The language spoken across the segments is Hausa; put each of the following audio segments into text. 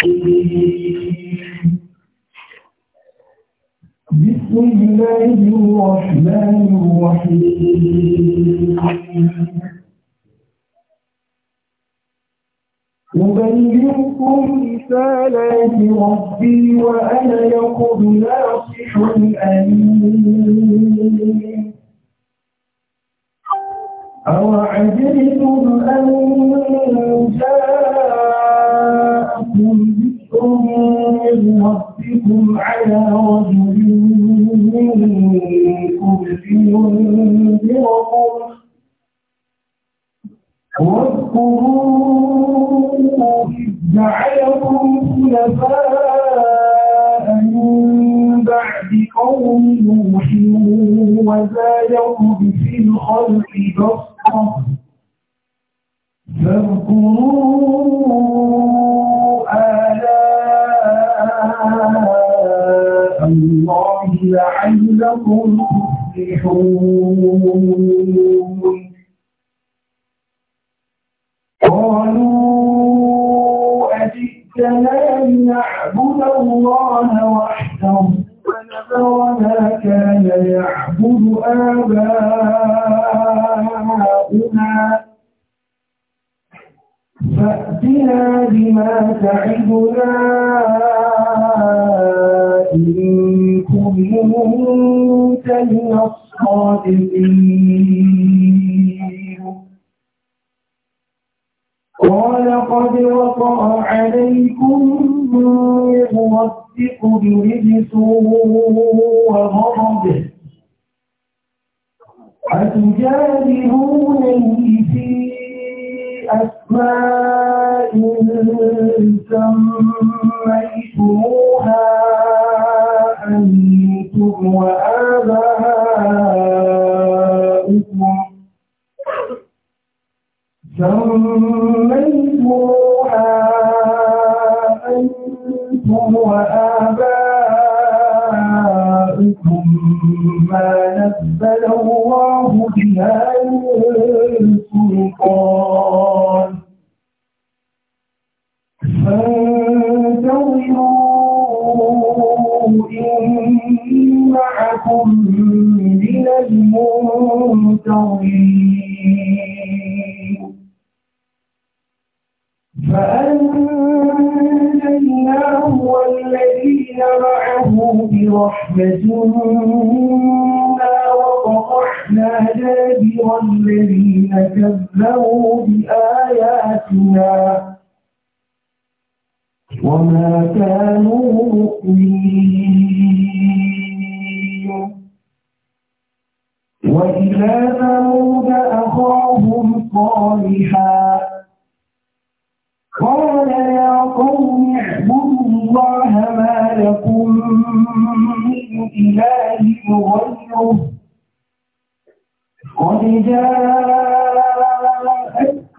بسم الله الرحمن الرحيم أبلغكم رسالات ربي وأنا يقض ناصح أمين أوعجبتم أن جاء ربكم على رجل منكم لينذركم واذكروا إذ جعلكم خلفاء من بعد قوم نوح وزايقوا في الخلق بسطة فاذكروا الله لعلكم تفلحون قالوا أجئتنا لنعبد الله وحده ونذر ما كان يعبد آباؤنا فأتنا بما تعدنا إن كنت من الصادقين قال قد وقع عليكم من ربكم برجس وغضب أتجادلونني في بأسماء سميتموها أنتم وآباؤكم سميتموها أنتم وآباؤكم ما نزل الله بها من سلطان فانتظروا إني معكم من المنتظرين فأنجيناه والذين معه برحمة منا وقطعنا الذين كذبوا بآياتنا وما كانوا مؤمنين وإلى ثمود أخاهم صالحا قال يا قوم اعبدوا الله ما لكم من إله غيره قد جاء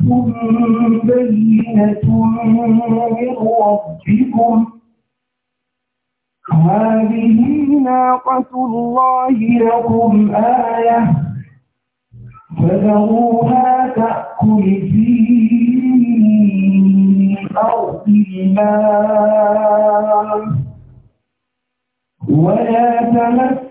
بينة من ربكم هذه ناقة الله لكم آية فذروها تأكل في أرض الماء ولا تمس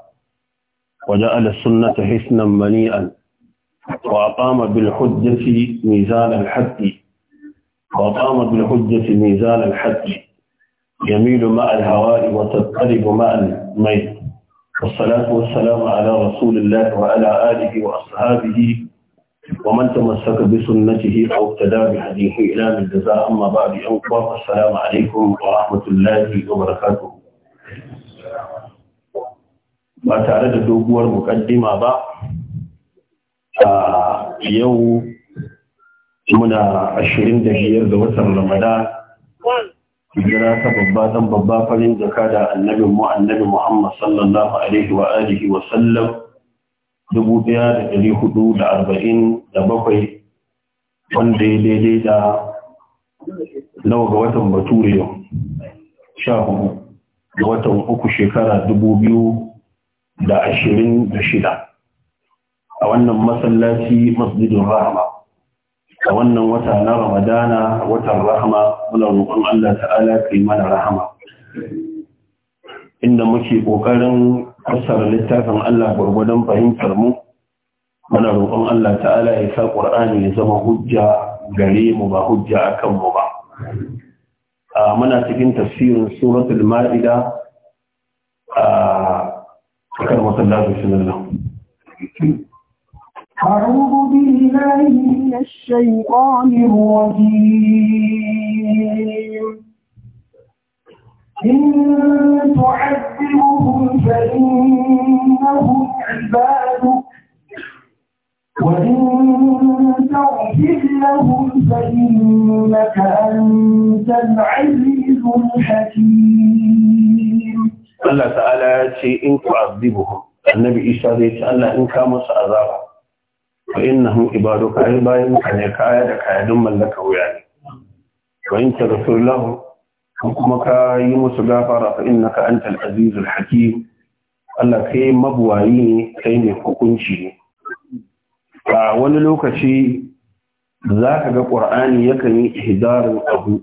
وجعل السنة حسنا منيئا وأقام بالحجة ميزان الحد وأقام بالحجة ميزان الحد يميل مع الهواء وتضطرب مع الميت والصلاة والسلام على رسول الله وعلى آله وأصحابه ومن تمسك بسنته أو ابتدى بحديث إلى الجزاء أما بعد أنكم السلام عليكم ورحمة الله وبركاته ba tare da doguwar mukaddima ba a yau muna ashirin da biyar ga watan ramadan jira ta babba dan babba farin jaka da annabin mu annabi muhammad sallallahu alaihi wa alihi wa sallam dubu daya da dari hudu da arba'in da bakwai wanda ya daidai da nawa ga watan bature yau sha hudu ga watan uku shekara dubu biyu da ashirin da shida a wannan masallaci masjidin rahama a wannan wata na ramadana watan rahama muna roƙon Allah ta'ala yi mana rahama inda muke ƙoƙarin fassara littafin Allah gwargwadon fahimtar mu muna roƙon Allah ta'ala ya sa ƙur'ani ya zama hujja gare mu ba hujja a mu ba muna cikin tafsirin suratul ma'ida كما الله بسم الله أعوذ بالله من الشيطان الرجيم إن تعذبهم فإنهم عبادك وإن تغفر لهم فإنك أنت العزيز الحكيم Allah ta'ala ya ce in ku azibuhum annabi Isa zai ce Allah in ka musu azaba fa innahum ka ay bayan ka ne kaya da kayadun mallaka wuya ne wa in tarsullahu kuma ka yi musu gafara fa innaka antal azizul hakim Allah kai mabuwayi ne kai ne hukunci ne a wani lokaci za ka ga ƙur'ani yakan yi ihdarin abu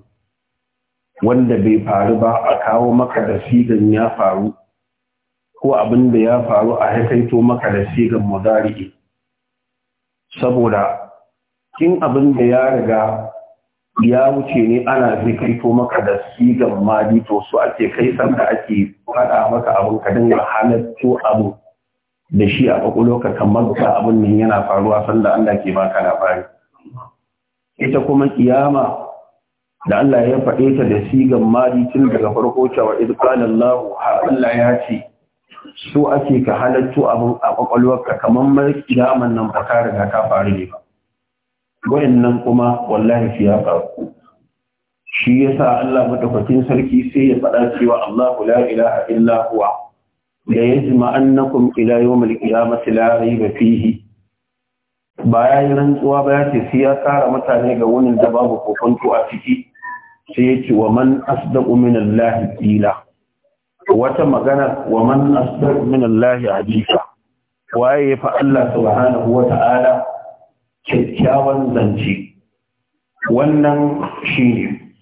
wanda bai faru ba a kawo maka da sigan ya faru ko abin da ya faru a haifaito maka da sigan mudari'i saboda kin abin da ya riga ya wuce ne ana zai kaito maka da sigan mali to su ake kai san da ake faɗa maka abin ka dinga halatto abu da shi a kwakwalo ka kamar abin nan yana faruwa sanda Allah ke baka labari ita kuma kiyama da Allah ya faɗe ta da sigan mali tun daga farko cewa kana Allah Allah ya ce so ake ka halattu abu a kwakwalwarka kamar mai kiyaman nan ba ka riga ka faru ne ba wayannan kuma wallahi ya faru shi yasa Allah madaukakin sarki sai ya faɗa cewa Allahu la ilaha illa huwa da ya annakum ila yawmil qiyamati la rayba fihi ba yi rantsuwa ba ce sai ya kara mutane ga wani da babu kokonto a ciki sai yace wa man asdaqu min lahi qila wata magana wa man asdaqu min Allah hadisa waye fa Allah subhanahu wa ta'ala kyakkyawan zance wannan shine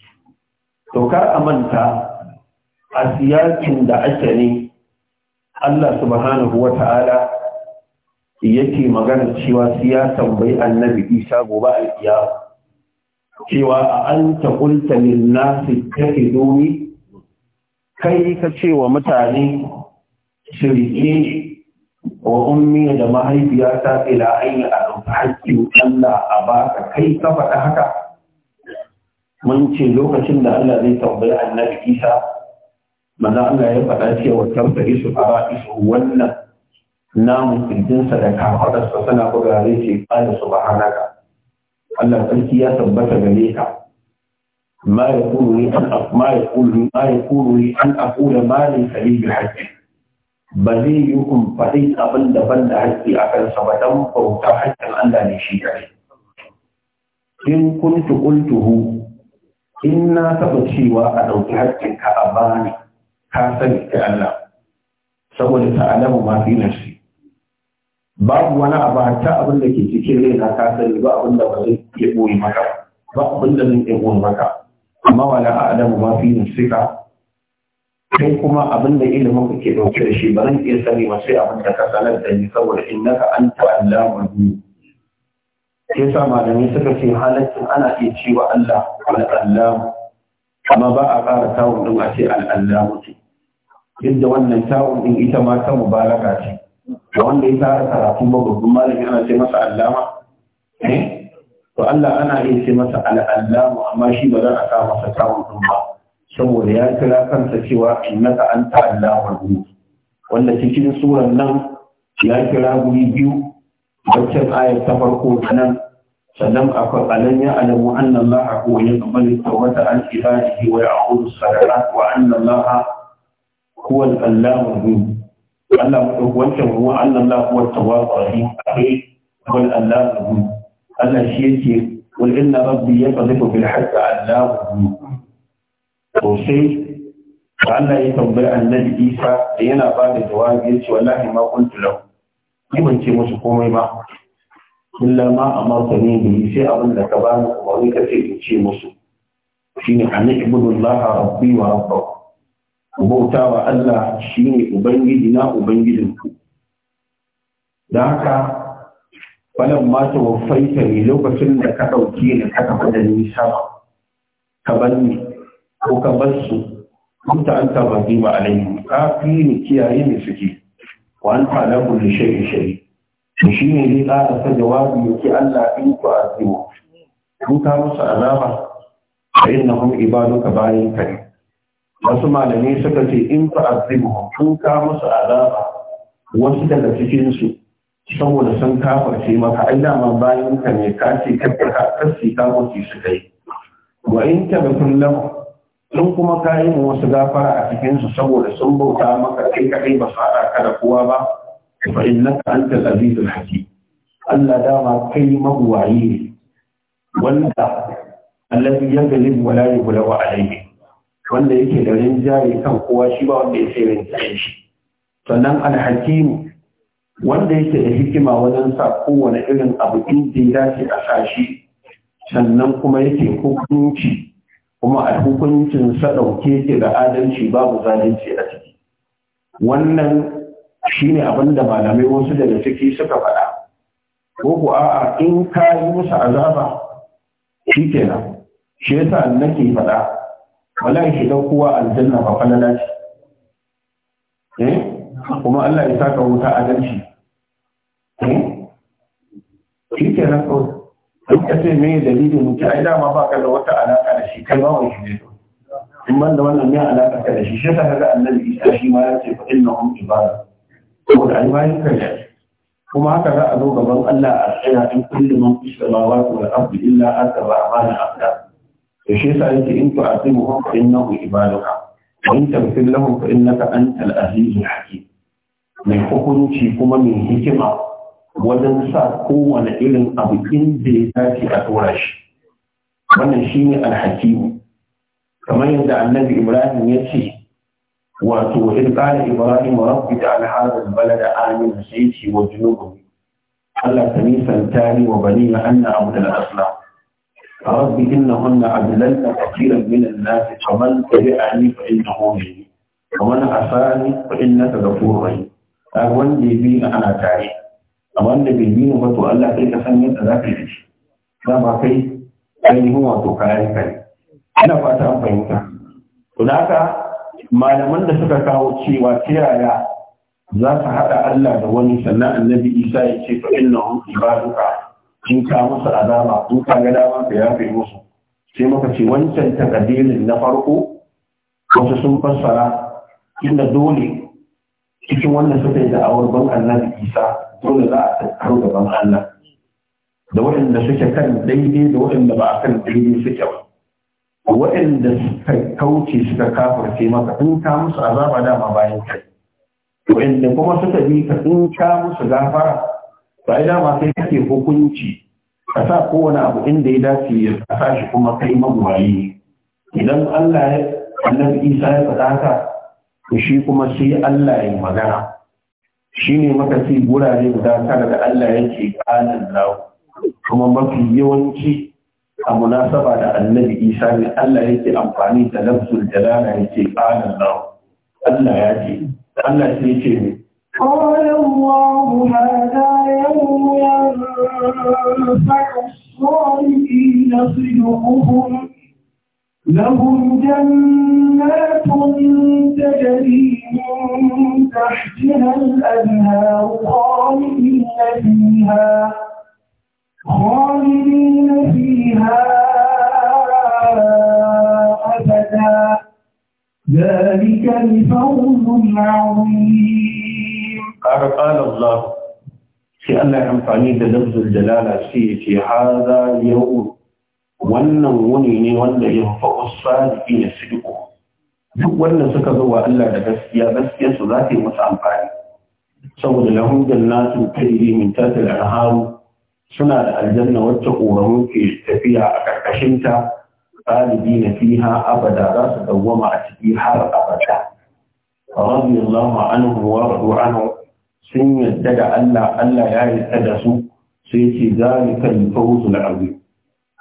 to kar a manta a siyakin da ake ne Allah subhanahu wa ta'ala yake magana cewa siyasan bai annabi Isa gobe alkiyama cewa a an ta qulta lin nasi domi kai ka ce wa mutane shirye wa ummi da mahaifiyata ila ayi a hakkin Allah a baka kai ka faɗa haka mun ce lokacin da Allah zai tambayi annabi Isa manzo Allah ya faɗa cewa tambayi su fara isu wannan namu kirjinsa da kafaɗarsa suna buga zai ce hana subhanaka Allah sarki ya tabbata gare ka ma ya kuru an ma ya kuru ma ya kuru an ma ba zai yi kun faɗi abin da ban da haƙƙi a kansa ba dan bauta haƙƙin Allah ne shi kare in kuntu qultuhu in na taɓa cewa a ɗauki haƙƙin ka a bani ka sani ta Allah saboda ta'alamu ma fi babu wani abu ta abin da ke cikin rai na kasari ba abin da ba zai iya ɓoye maka ba abin da zai iya ɓoye maka amma wala a'lamu ma fi nafsika Kai kuma abin da ilimin ku ke dauke da shi ba zan iya sani ba sai abin da ka sanar da ni saboda in naka an anta allamul ghuyub sai sa malami suka ce halaccin ana iya cewa Allah al-allam amma ba a ƙara tawun din a ce al-allam ce inda wannan tawun din ita ma ta mubalaka ce da wanda ya fara karatu ba babban malami ana ce masa allama eh? to Allah ana iya ce masa al'allamu amma shi ba za a sa masa kawun ɗin ba saboda ya kira kansa cewa innaka anta allamul ghuyub wanda cikin suran nan ya kira guri biyu waccan ayar ta farko da nan sannan akwai alam ya alamu anna allaha huwa yaqbalu tawbata an ibadihi wa ya'khudhu as-sadaqat wa anna allaha huwa al-allamu Allah wancan ruwa Allah la huwa tawwab rahim akai wal allahu Allah shi yake wal inna rabbi yaqdhibu bil haqq allahu to Ba Allah ya tambaya annabi Isa da yana ba da jawabi yace wallahi ma kuntu lahu ni ban ce musu komai ba illa ma amartani bi sai abin da ka ba mu umarni kace ce musu shine annabi ibnullah rabbi wa rabbuka bautawa Allah shine ubangiji na ubangijinku da haka falon mata ta ne lokacin da ka ɗauki da ka kafa da nisa ka bar ko ka bar su kunta an taba zima layi. ka fi ni kiyaye ne suke wa an tala kulli shay'in shari'a shi ne zai ƙara ta jawabi ki Allah in ku zima kun ka musu azaba fa ibadu ka bayan kare wasu malamai suka ce in fa azibuhum kun ka musu azaba wasu daga cikin su saboda sun kafarce maka ai dama bayan ka ne ka ce kafarka kasi ka mutu su kai wa in ta bifin kullum in kuma ka yi wasu gafara a cikin su saboda sun bauta maka kai kai ba su ka da kowa ba fa innaka antal azizul hakim Allah dama kai mabuwayi ne wanda ya yaglib wala yughlawa alayhi wanda yake da rinjaye kan kowa shi ba wanda ya sai rinjaye shi sannan alhakimu wanda yake da hikima wajen sa kowane irin abu inda ya dace a sa shi sannan kuma yake hukunci kuma a hukuncin sa ɗauke ke da adalci babu zalunci a ciki wannan shine abin da malamai wasu daga ciki suka faɗa ko ku a'a in ka yi musu azaba shi kenan shi yasa nake faɗa Wala ya shiga kowa aljanna ba falala ce eh kuma Allah ya saka wuta shi. eh shi ke nan kawai duk ka ce me dalilin mutu ai dama ba ka da wata alaka da shi kai ba wani shi ne in ban da wannan ne alaka ka da shi shi ta kaga annabi isa shi ma ya ce fa innahum ibada saboda ai bayan ka ne kuma haka za a zo gaban Allah a tsaya in kullu man fi samawati wal ardi illa ata rahmana abda da shi yasa yake in fa asimu fa innahu ibaduka in tafsir lahum fa innaka antal azizul hakim mai hukunci kuma mai hikima wajen sa kowane irin abu inda ya dace a tura shi wannan shine alhakimu kamar yadda annabi ibrahim ya ce wato wa in qala ibrahim rabbi ta'al hadha albalada amin sai ce wa junubun Allah ta nisanta tari wa bani na anna abdul aslam رب إنهن أدللن كثيرا من الناس فمن تبعني فإنه مني ومن عصاني فإنك غفور رحيم أهون دي بينا أنا تعي أهون دي بينا وتو الله كيك سنين تذاكي ليش لا ما كي أين هو تكاري كي أنا فاتا فهمتا هناك ما لمن دسك كاو تشيوا تيرايا za su haɗa Allah da wani sannan annabi Isa ya ce fa innahum ibaduka in ka musu azaba in ka ga dama ka yafe musu sai muka ce wancan takadirin na farko wasu sun fassara inda dole cikin wannan suka yi da'awar ban annabi isa dole za a tattaro da ban allah da waɗanda suke kan daidai da waɗanda ba a kan daidai suke ba waɗanda suka kauce suka kafarce maka in ka musu azaba dama bayan kai waɗanda kuma suka bi ka in ka musu gafara ba ya dama sai kake hukunci ka sa kowane abu inda ya dace ya sa shi kuma kai magoyi idan Allah ya annabi Isa ya faɗa haka to shi kuma sai Allah ya magana shine maka sai gurare guda tare da Allah yake kalan lawo kuma mafi yawanci a munasaba da annabi Isa ne Allah yake amfani da lafzul jalala yake kalan lawo Allah ya ce Allah sai ya ce قال الله هذا يوم ينفع الصالحين صدقهم لهم جنات تجري من تحتها الأنهار خالدين فيها خالدين فيها أبدا ذلك الفوز العظيم قال allah الله في الله amfani da lafzul jalala sai ya ce haza yau wannan wuni ne wanda ya fa'u sadiqi na sidiqu duk wanda suka zo wa Allah da gaskiya gaskiya su za ta yi musu amfani saboda lahum jannatu tajri min tahtiha al suna da aljanna wacce koramu ke tafiya a karkashin ta na fiha abada za su dawwama a ciki har abada radiyallahu anhu wa radu anhu sun yarda da Allah Allah ya yarda da su sai ce zalika al-fawzul azim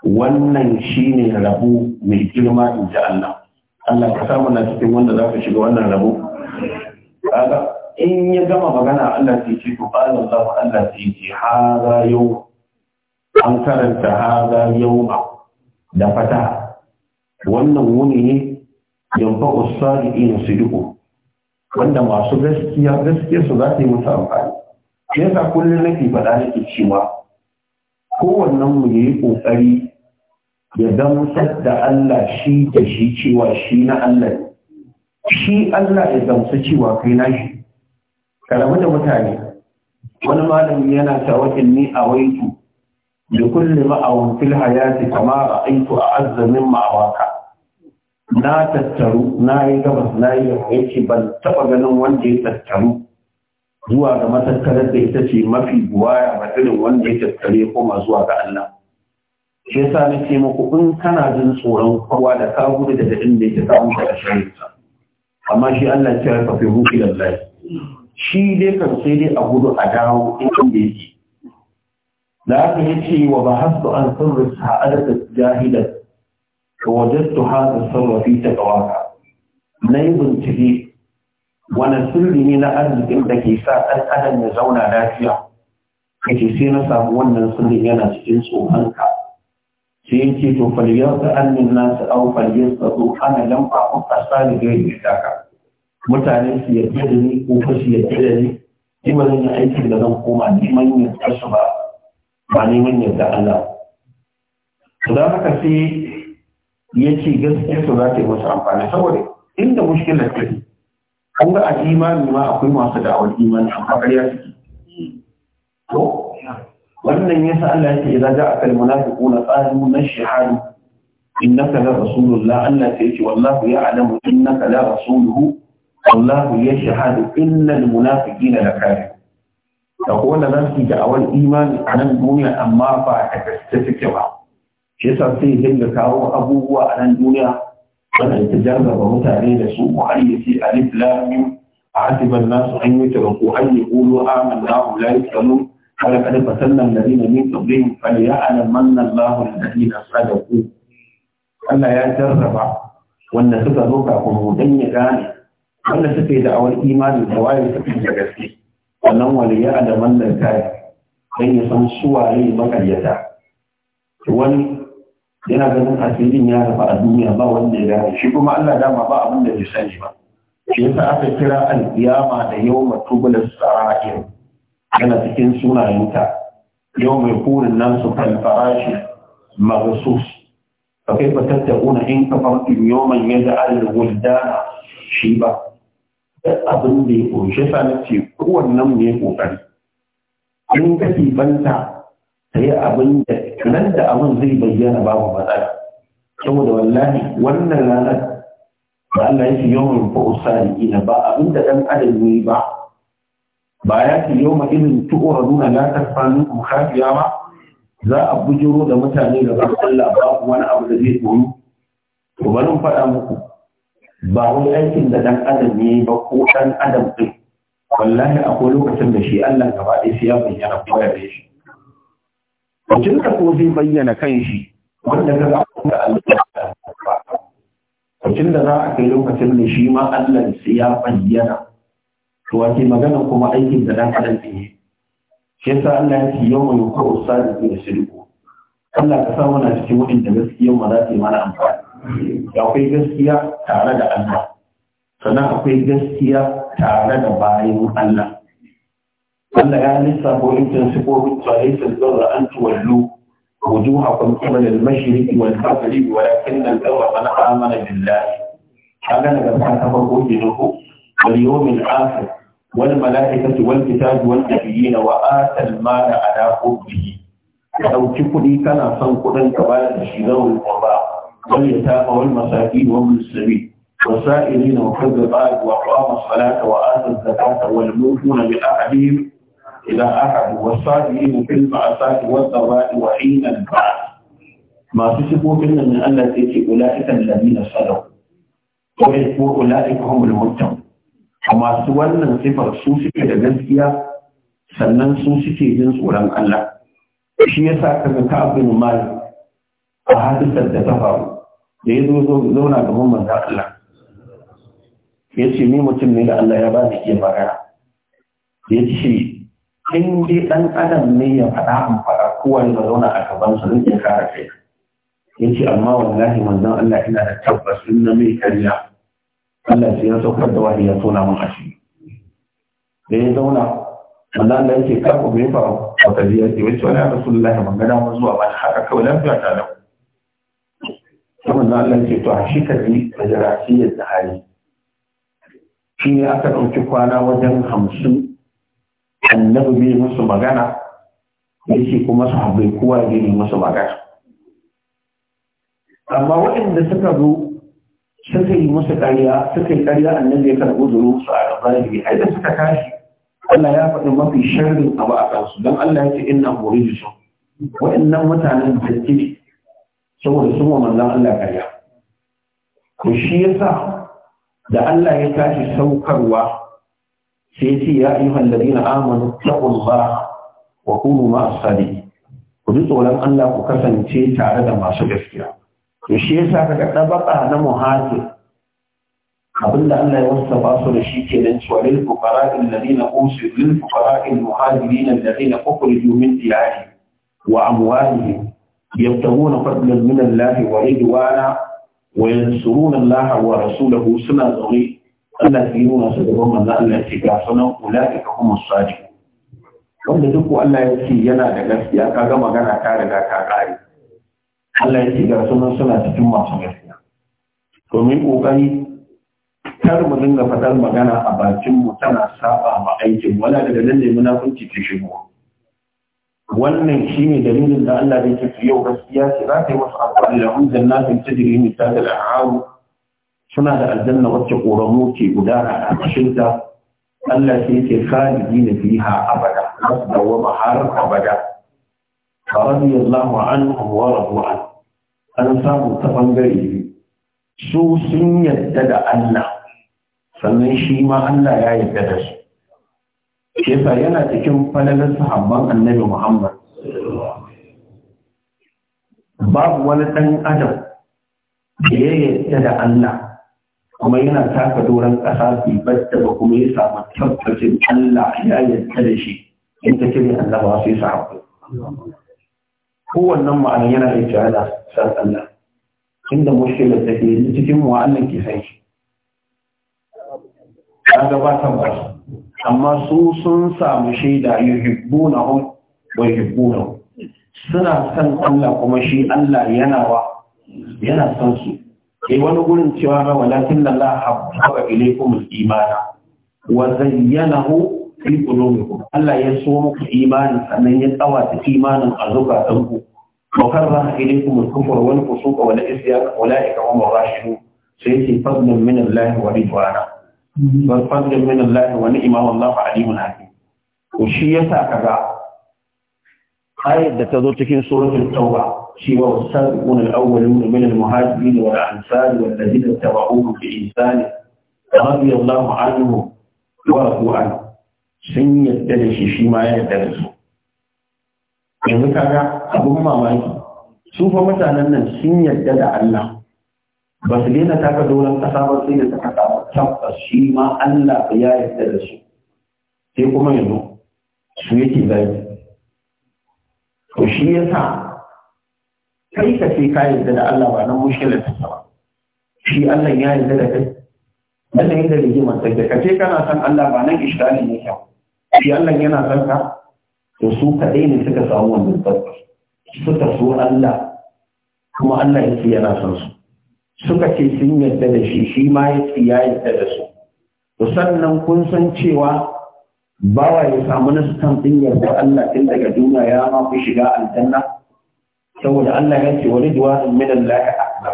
wannan shine rabu mai girma in ji Allah Allah ka samu na cikin wanda za shiga wannan rabu. kaga in ya gama magana Allah sai ce to qala Allah Allah sai ce hada yau an karanta hada yau da fata wannan wuni ne yanfa usari in sidiku wanda masu gaskiya gaskiya su za su yi musu amfani yasa kullum nake faɗa nake cewa kowannen mu yayi kokari ya gamsar da Allah shi da shi cewa shi na Allah ne shi Allah ya gamsu cewa kai na shi karamu da mutane wani malami yana cewa inni waitu da kulli ma'awun fil hayati kama ra'aytu mu a ma'awaka na tattaru na yi gabas na yi ya ce ban taɓa ganin wanda ya tattaru zuwa ga matattarar da ita ce mafi buwaya ba irin wanda ya tattare koma zuwa ga Allah shi yasa na ce muku in kana jin tsoron kowa da ka gudu daga inda yake samun da shari'a amma shi Allah ya ce fa fi huki shi dai kan sai dai a gudu a dawo inda yake da aka yace wa bahasu an sirri sa'adatu jahilar ka wajen hada sarra ta taqwaka na yi bincike wani sirri ne na arzikin da ke sa ɗan adam ya zauna lafiya kace sai na samu wannan sirrin yana cikin tsohonka sai ya ce to faliyar ta annin nasu au faliyar ta zo ana lamfa a ƙasa da gari da mutane su yadda da ni ko fa su yadda da ni ni ba zan yi aiki da zan koma neman yin kasu ba ba neman yadda Allah. To haka ya ce gaskiyar su za ta yi musu amfani saboda inda mushkilar ta ne an ga a imani ma akwai masu da'awar imani amma ƙarya suke to wannan ya sa Allah yake idan ja'a kal munafiquna qalu nashhadu innaka la rasulullah Allah sai yake wallahu ya'lamu innaka la rasuluhu wallahu yashhadu innal munafiqina lakafirun da kowanne za su yi da'awar imani a nan duniya amma ba a gaske suke ba shi yasa sai ya dinga kawo abubuwa a nan duniya wanda ita jarraba mutane da su ko har yace alif lam mim ahasiba an-nas an yutraku an yaqulu amanna la yusalun qala qad fatanna alladhina min qablihim falya'lamanna Allahu alladhina sadaqu Allah ya jarraba wanda suka zo kafin mu dan ya gane wanda suka yi da'awar imani da waye suka yi da gaske wannan waliya da wannan kai dan ya san suwaye makaryata wani yana ganin asirin ya rafa a duniya ba wanda ya gane shi kuma Allah dama ba abin da bai sani ba shi yasa aka kira alkiyama da yawma tubula sa'ir yana cikin sunayenta yau mai kurin nan su kan farashi maghsus fa ba tattaquna in kafartum dana shi ba. shiba abin da ya koyi sanar sa nace mu ne ƙoƙari. in ka banta taya abin da nan da abin zai bayyana babu matsala saboda wallahi wannan ranar da Allah ya fi yawan da ina, ba abin da ɗan adam ne ba ba ya fi yau ma irin tu'ura nuna latar fanin kukafiya ba za a bujiro da mutane da ba Allah babu wani abu da zai tsoro to bari in faɗa muku ba wani aikin da ɗan adam ne ba ko ɗan adam ɗin wallahi akwai lokacin da shi Allah gaba ɗaya sai ya bayyana koyar ya shi Mutum da ko zai bayyana kan shi wanda ka ga da Mutum da za a kai lokacin da shi ma Allah sai ya bayyana. To wace magana kuma aikin da dan adam ne. Shi yasa Allah ya ce yau mai ko usadi da shirku. Allah ka sa mana cikin waɗanda gaskiya ma za ta yi mana amfani. Akwai gaskiya tare da Allah. Sannan akwai gaskiya tare da bayan Allah. Balla ya lissafa yankin sifofin tsarai sallar da an tuwallu wujuhakum qibla al-mashriq wal maghrib walakin al-qawma man amana billahi kaga daga ta farko ke nuku wal yawmil akhir wal malaikati wal kitabi wal nabiyina wa atal mala ala hubbihi dauki kudi kana son kudin ka bayar da shi zawul qurba wal yatama wal masakin wa bil وسائلين وكذب وأقام الصلاة وآتى الزكاة والموفون بأحدهم إلى أحد والصابرين في البعثات والضراء وحين البعث ما تسبوا إلا من التي أولئك الذين صدقوا وأولئك هم المتقون وما سوى أن صفة سوسك لجزئية sannan su suke jin tsoron Allah shi yasa kaga Ka'ab bin Malik a hadisar da ta faru da ya zo zauna gaban manzon Allah ya ce ni mutum ne da Allah ya ba iya magana ya in dai ɗan adam ne ya faɗa in faɗa kowane ya zauna a gaban sa zai kare kai ya ce amma wallahi manzon Allah ina da tabbas in na mai karya Allah sai ya saukar da wani ya tona min asiri da ya zauna manzon Allah yake kar ku bai faru wata biya ce wai wani rasulullahi ban ga damar zuwa ba ta haka kawai lafiya ta da ku. manzon Allah yake to a shi kaji da jarasiyar da hali shi ne aka ɗauki kwana wajen hamsin annabi bai musu magana yake kuma sahabbai kowa ya yi musu magana amma waɗanda suka zo suka yi musu ƙarya suka yi ƙarya annabi ya karɓi zuru su a rabari ai da suka tashi Allah ya faɗi mafi sharrin abu a kansu don Allah ya ce inna Wa'in waɗannan mutanen da ne saboda sun wa manzan Allah ƙarya ku shi yasa da Allah ya tashi saukarwa sai ce ya ayyuha alladhina amanu taqullaha wa kunu ma ku ji tsoron Allah ku kasance tare da masu gaskiya to shi yasa kaga dabaka na muhajir abinda Allah ya wasa ba su da shi ke nan cewa lil fuqara alladhina usiru lil fuqara almuhajirin alladhina ukhriju min diyarihim wa amwalihim yabtaguna fadlan min Allah wa ridwana wa yansuruna Allah wa rasulahu suna zaune Allah ya yi masu gaban manzo Allah ya ce ga sunan ka kuma sadi. wanda duk Allah ya ce yana da gaskiya ka ga magana ta riga ta kare Allah ya ce ga suna cikin masu gaskiya Domin ƙoƙari kokari kar mu dinga fadar magana a bakin mu tana saba ma aikin wala daga nan ne munafunci ke shigo wannan shine dalilin da Allah ya ce yau gaskiya ce za ta yi wasu abubuwa da hun nafin tajri min ta da al'amu suna da aljanna wacce ƙoramu ke guda a cikinta Allah sai ke khalidi na fiha abada da dawama har abada fa radiyallahu anhum wa radu an an samu ta bangare su sun yadda da Allah sannan shi ma Allah ya yadda da su Shefa yana cikin falalar sahabban annabi Muhammad. Babu wani ɗan adam da ya yadda da Allah kuma yana taka doron ƙasa bai basta ba kuma ya samu tabbacin Allah ya yadda da shi in ta cire Allah ba sai sa haƙuri kowannen ma'ana yana da jihada san Allah inda mushkilar ta ke cikin mu Allah ke san shi ka gabatar ba amma su sun samu shaida yuhibbuna hum wa yuhibbuna suna san Allah kuma shi Allah yana wa yana san su sai eh, wani gurin cewa ma walakin Allah habbaba ilaykum al-imana wa zayyanahu fi qulubikum Allah ya so muku imani sannan ya tsawata imanin a zukatanku wa karraha ilaykum al-kufra wal fusuqa wal isyan ulaika hum ar-rashidun sai ce fadlun min Allah wa ridwana wal fadlun min Allah wa ni'ma wallahu alimun hakim to shi yasa kaga ayat da ta zo cikin suratul tauba شيوا والسابقون الأولون من المهاجرين والأنصار والذين اتبعوهم بإنسان رضي الله عنه ورضوا عنه sun yadda da shi shi ma ya yadda da su yanzu kaga abun mamaki su fa mutanen nan sun yadda da Allah ba su daina taka doron kasa ba sai da suka samu tabbas shi ma Allah ya yadda da su sai kuma yanzu su yake zai to shi yasa kai ka ce ka yarda da Allah ba nan mushkilar ta ba shi Allah ya yarda da kai dan ne da rigimar ta ka ce kana san Allah ba nan ishtali ne ka shi Allah yana san ka to su kadai ne suka samu wannan tsarki suka so Allah kuma Allah ya ce yana san su suka ce sun yarda da shi shi ma ya ce ya yarda da su to sannan kun san cewa bawa ya samu nasu kan din yarda Allah tun daga duniya ya ma ku shiga aljanna saboda Allah ya ce wani duwa min Allah ya akbar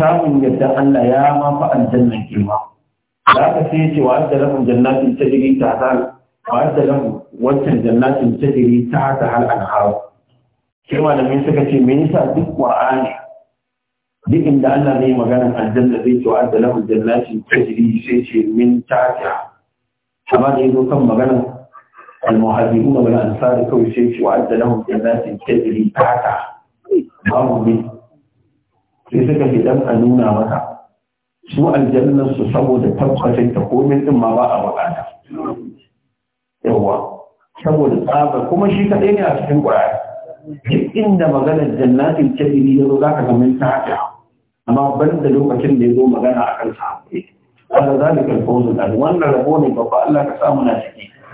samun yadda Allah ya ma fa aljanna girma za ka sai ce wa da lahum jannatin tajri ta ta wa adda lahum wancan jannatin tajri ta ta hal anhar sai malamin suka ce me yasa duk qur'ani duk inda Allah zai magana aljanna zai ce wa da lahum jannatin tajri sai ce min ta ta amma da yazo kan maganar. المهاجرون والأنصار كل شيء وأعد لهم جنات تجري تحتها babu ne sai suka fi dan nuna maka su aljannan su saboda tabbatar da komin din ma ba a bukata yawa saboda tsaba kuma shi kadai ne a cikin ƙwaya duk inda maganar jannatin jahili ya zo za ka zama ta haka amma ban da lokacin da ya zo magana a kan sahabbai ala zalika alfawzu al wannan rabo ne babba Allah ka samu na ciki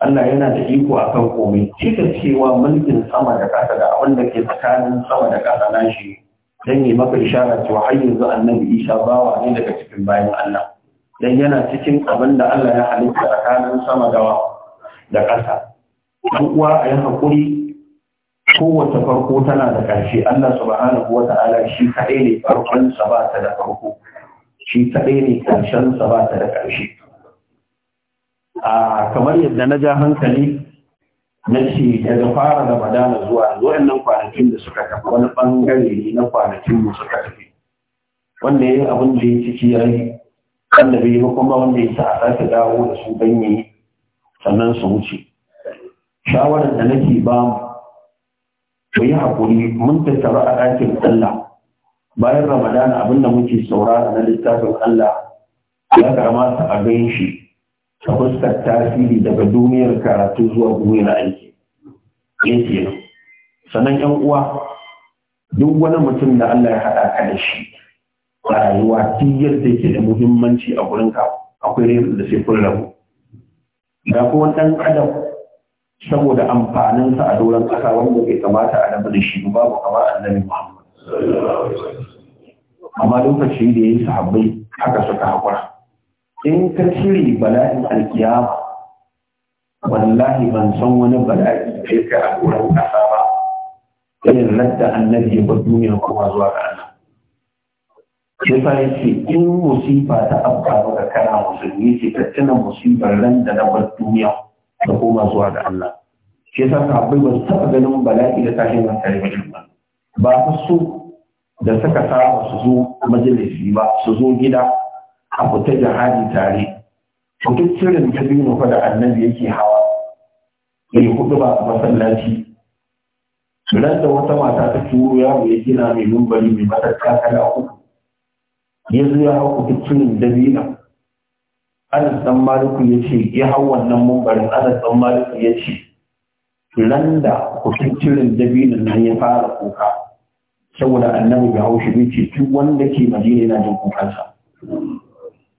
Allah yana da iko kan komai kika cewa mulkin sama da ƙasa da abin da ke tsakanin sama da ƙasa na shi Don yi maka isharar cewa har yanzu annabi Isa bawa ne daga cikin bayan Allah dan yana cikin abin da Allah ya halitta tsakanin sama da da ƙasa dan uwa a yi hakuri kowace farko tana da ƙarshe Allah subhanahu ta'ala shi kaɗai ne farkon ba ta da farko shi kaɗai ne ƙarshen sa ba ta da ƙarshe a kamar yadda na ja hankali na ce daga fara ramadana zuwa nan kwanakin da suka tafi wani bangare ne na kwanakin mu suka tafi wanda ya abin da ya ciki ya yi wanda bai kuma wanda ya sa a sake dawo da su ganye sannan su wuce shawarar da nake ba mu ku yi haƙuri mun tattaru a ɗakin Allah bayan ramadana abin da muke saurara na littafin Allah ya kamata a gan shi ta tasiri daga duniyar karatu zuwa duniyar aiki yake sannan yan uwa duk wani mutum da Allah ya hada ka da shi a rayuwa duk yadda yake da muhimmanci a gurin ka akwai ne da sai kun rabu da wani ɗan adam saboda amfanin sa a doron ƙasa wanda bai kamata a rabu da shi ba babu kama annabi Muhammad amma lokaci da ya yi sahabbai haka suka haƙura in ka cire bala'in alkiyama wallahi ban san wani bala'i da ya kai a wurin kasa ba irin radda annabi bar duniya kuma zuwa ga Allah yasa yace in musifa ta afka maka kana musulmi ce ta tuna musibar ran da na bar duniya da koma zuwa ga Allah shi yasa ba su taɓa ganin bala'i da tashin hankali ba ba ba su da suka saba su zo majalisi ba su zo gida a fita jihadi tare to duk sirrin ta biyu fa da annabi yake hawa ya hudu ba a masallaci Sunan da wata mata ta turo yaro ya gina mai numbari mai matakka kala uku ya zo ya hau duk sirrin dabina ana dan Maliku ya ce ya hau wannan mumbarin ana dan Maliku ya ce ran da kusurcirin dabinin nan ya fara kuka saboda annabi bai haushi bai ce duk wanda ke madina yana jin kukansa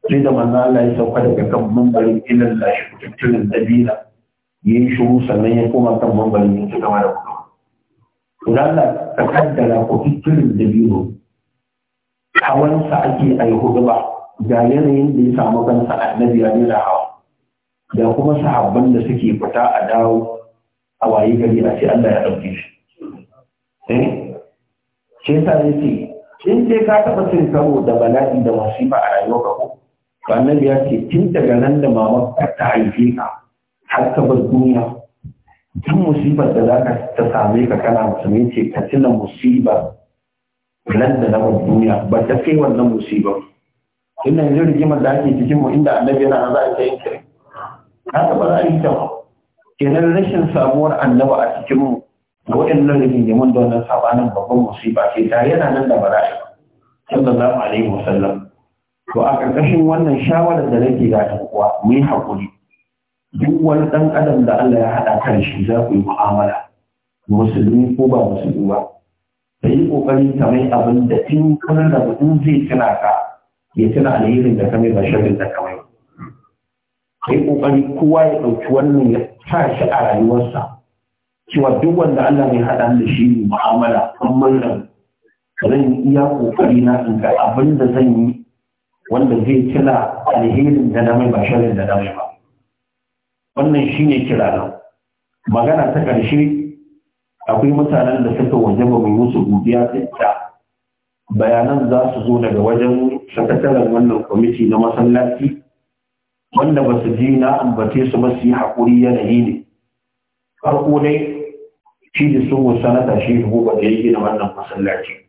sai da manna Allah ya sauka daga kan mambari ilal lashi tutturin dabila yi shuru sannan ya koma kan mambari ya ci gaba da kuma to Allah ta kaddara ko tutturin dabilo hawansa ake ayi hudu ba ga yanayin da ya samu kansa Nabi ya da hawa da kuma sahabban da suke fita a dawo a waye gari a ce Allah ya ɗauke shi. Sai ta ne ce, in ce ka taɓa cin karo da bala'i da masifa a rayuwa ka ko? annabi ya ce tun daga nan da mama ta haife ka har ka bar duniya tun musibar da za ka ta same ka kana musulmi ce ka tuna musiba nan da na bar duniya ba ta kai wannan musibar ina yanzu rigimar da ake cikin mu inda annabi yana za a ta yin kire haka ba za a yi ta ba kenan rashin samuwar annaba a cikin mu ga waɗannan rigingimin da wannan sabanin babban musiba ce ta yana nan da bara'a sallallahu alaihi wasallam to a ƙarƙashin wannan shawarar da nake ga ɗan uwa mu yi haƙuri duk wani ɗan adam da Allah ya haɗa kan shi za ku yi mu'amala musulmi ko ba musulmi ba ka yi ƙoƙari ka mai abin da in kan da mutum zai tuna ka ya tuna alherin da ka mai bashirin da ka mai ka yi ƙoƙari kowa ya ɗauki wannan ya sa shi a rayuwarsa cewa duk wanda Allah mai haɗa da shi mu'amala kan mallam zan yi iya ƙoƙari na in ga abin da zan yi wanda zai kira alherin da namai ba sharin da namai ba wannan shi ne kira nan magana ta ƙarshe akwai mutanen da suka waje ba mai musu godiya da bayanan za su zo daga wajen sakataren wannan kwamiti na masallaci wanda ba su ji na ambace su ba su yi haƙuri yanayi ne farko dai shi da sun sanata shi rubu ba da ya gina wannan masallaci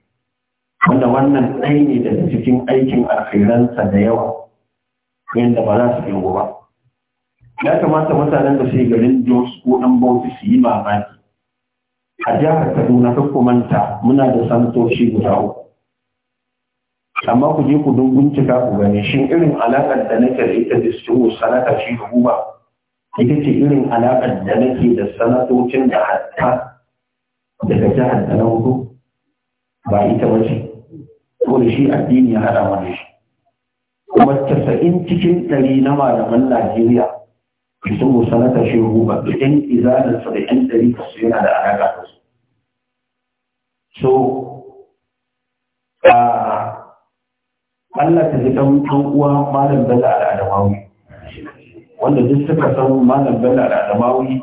wanda wannan ɗaya ne daga cikin aikin alkhairansa da yawa yadda ba za su yi ba ya kamata mutanen da sai garin jos ko ɗan bauchi su yi mamaki a jihar kaduna ta kumanta muna da santoshi guda uku amma ku je ku dun bincika ku gani shin irin alaƙar da nake da ita da su sanata shi ba ita ce irin alaƙar da nake da sanatocin da hatta daga jihar da na hudu ba ita wace saboda shi addini ya hada wani shi kuma tasa'in cikin ɗari na malaman Najeriya su sun na tashi ruba da ɗan izalarsa da ɗan ɗari su yana da alaƙa da su. So, Allah ta ji ɗan uwa malam Bello adamawi wanda duk suka san malam Bello adamawi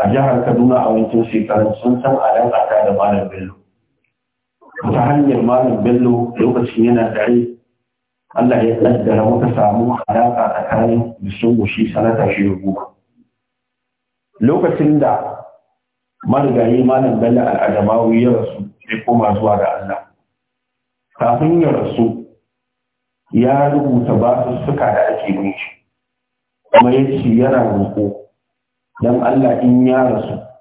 a jihar Kaduna a wancan shekarar sun san alaƙa ta da malam Bello. ta hanyar malam bello lokacin yana dare Allah ya kaddara muka samu alaƙa tsakanin bisun gushi sanata shi rubu lokacin da marigayi malam bello al'adamawu ya rasu ya koma zuwa ga Allah kafin ya rasu ya rubuta su suka da ake shi kuma ya ce yana roƙo don Allah in ya rasu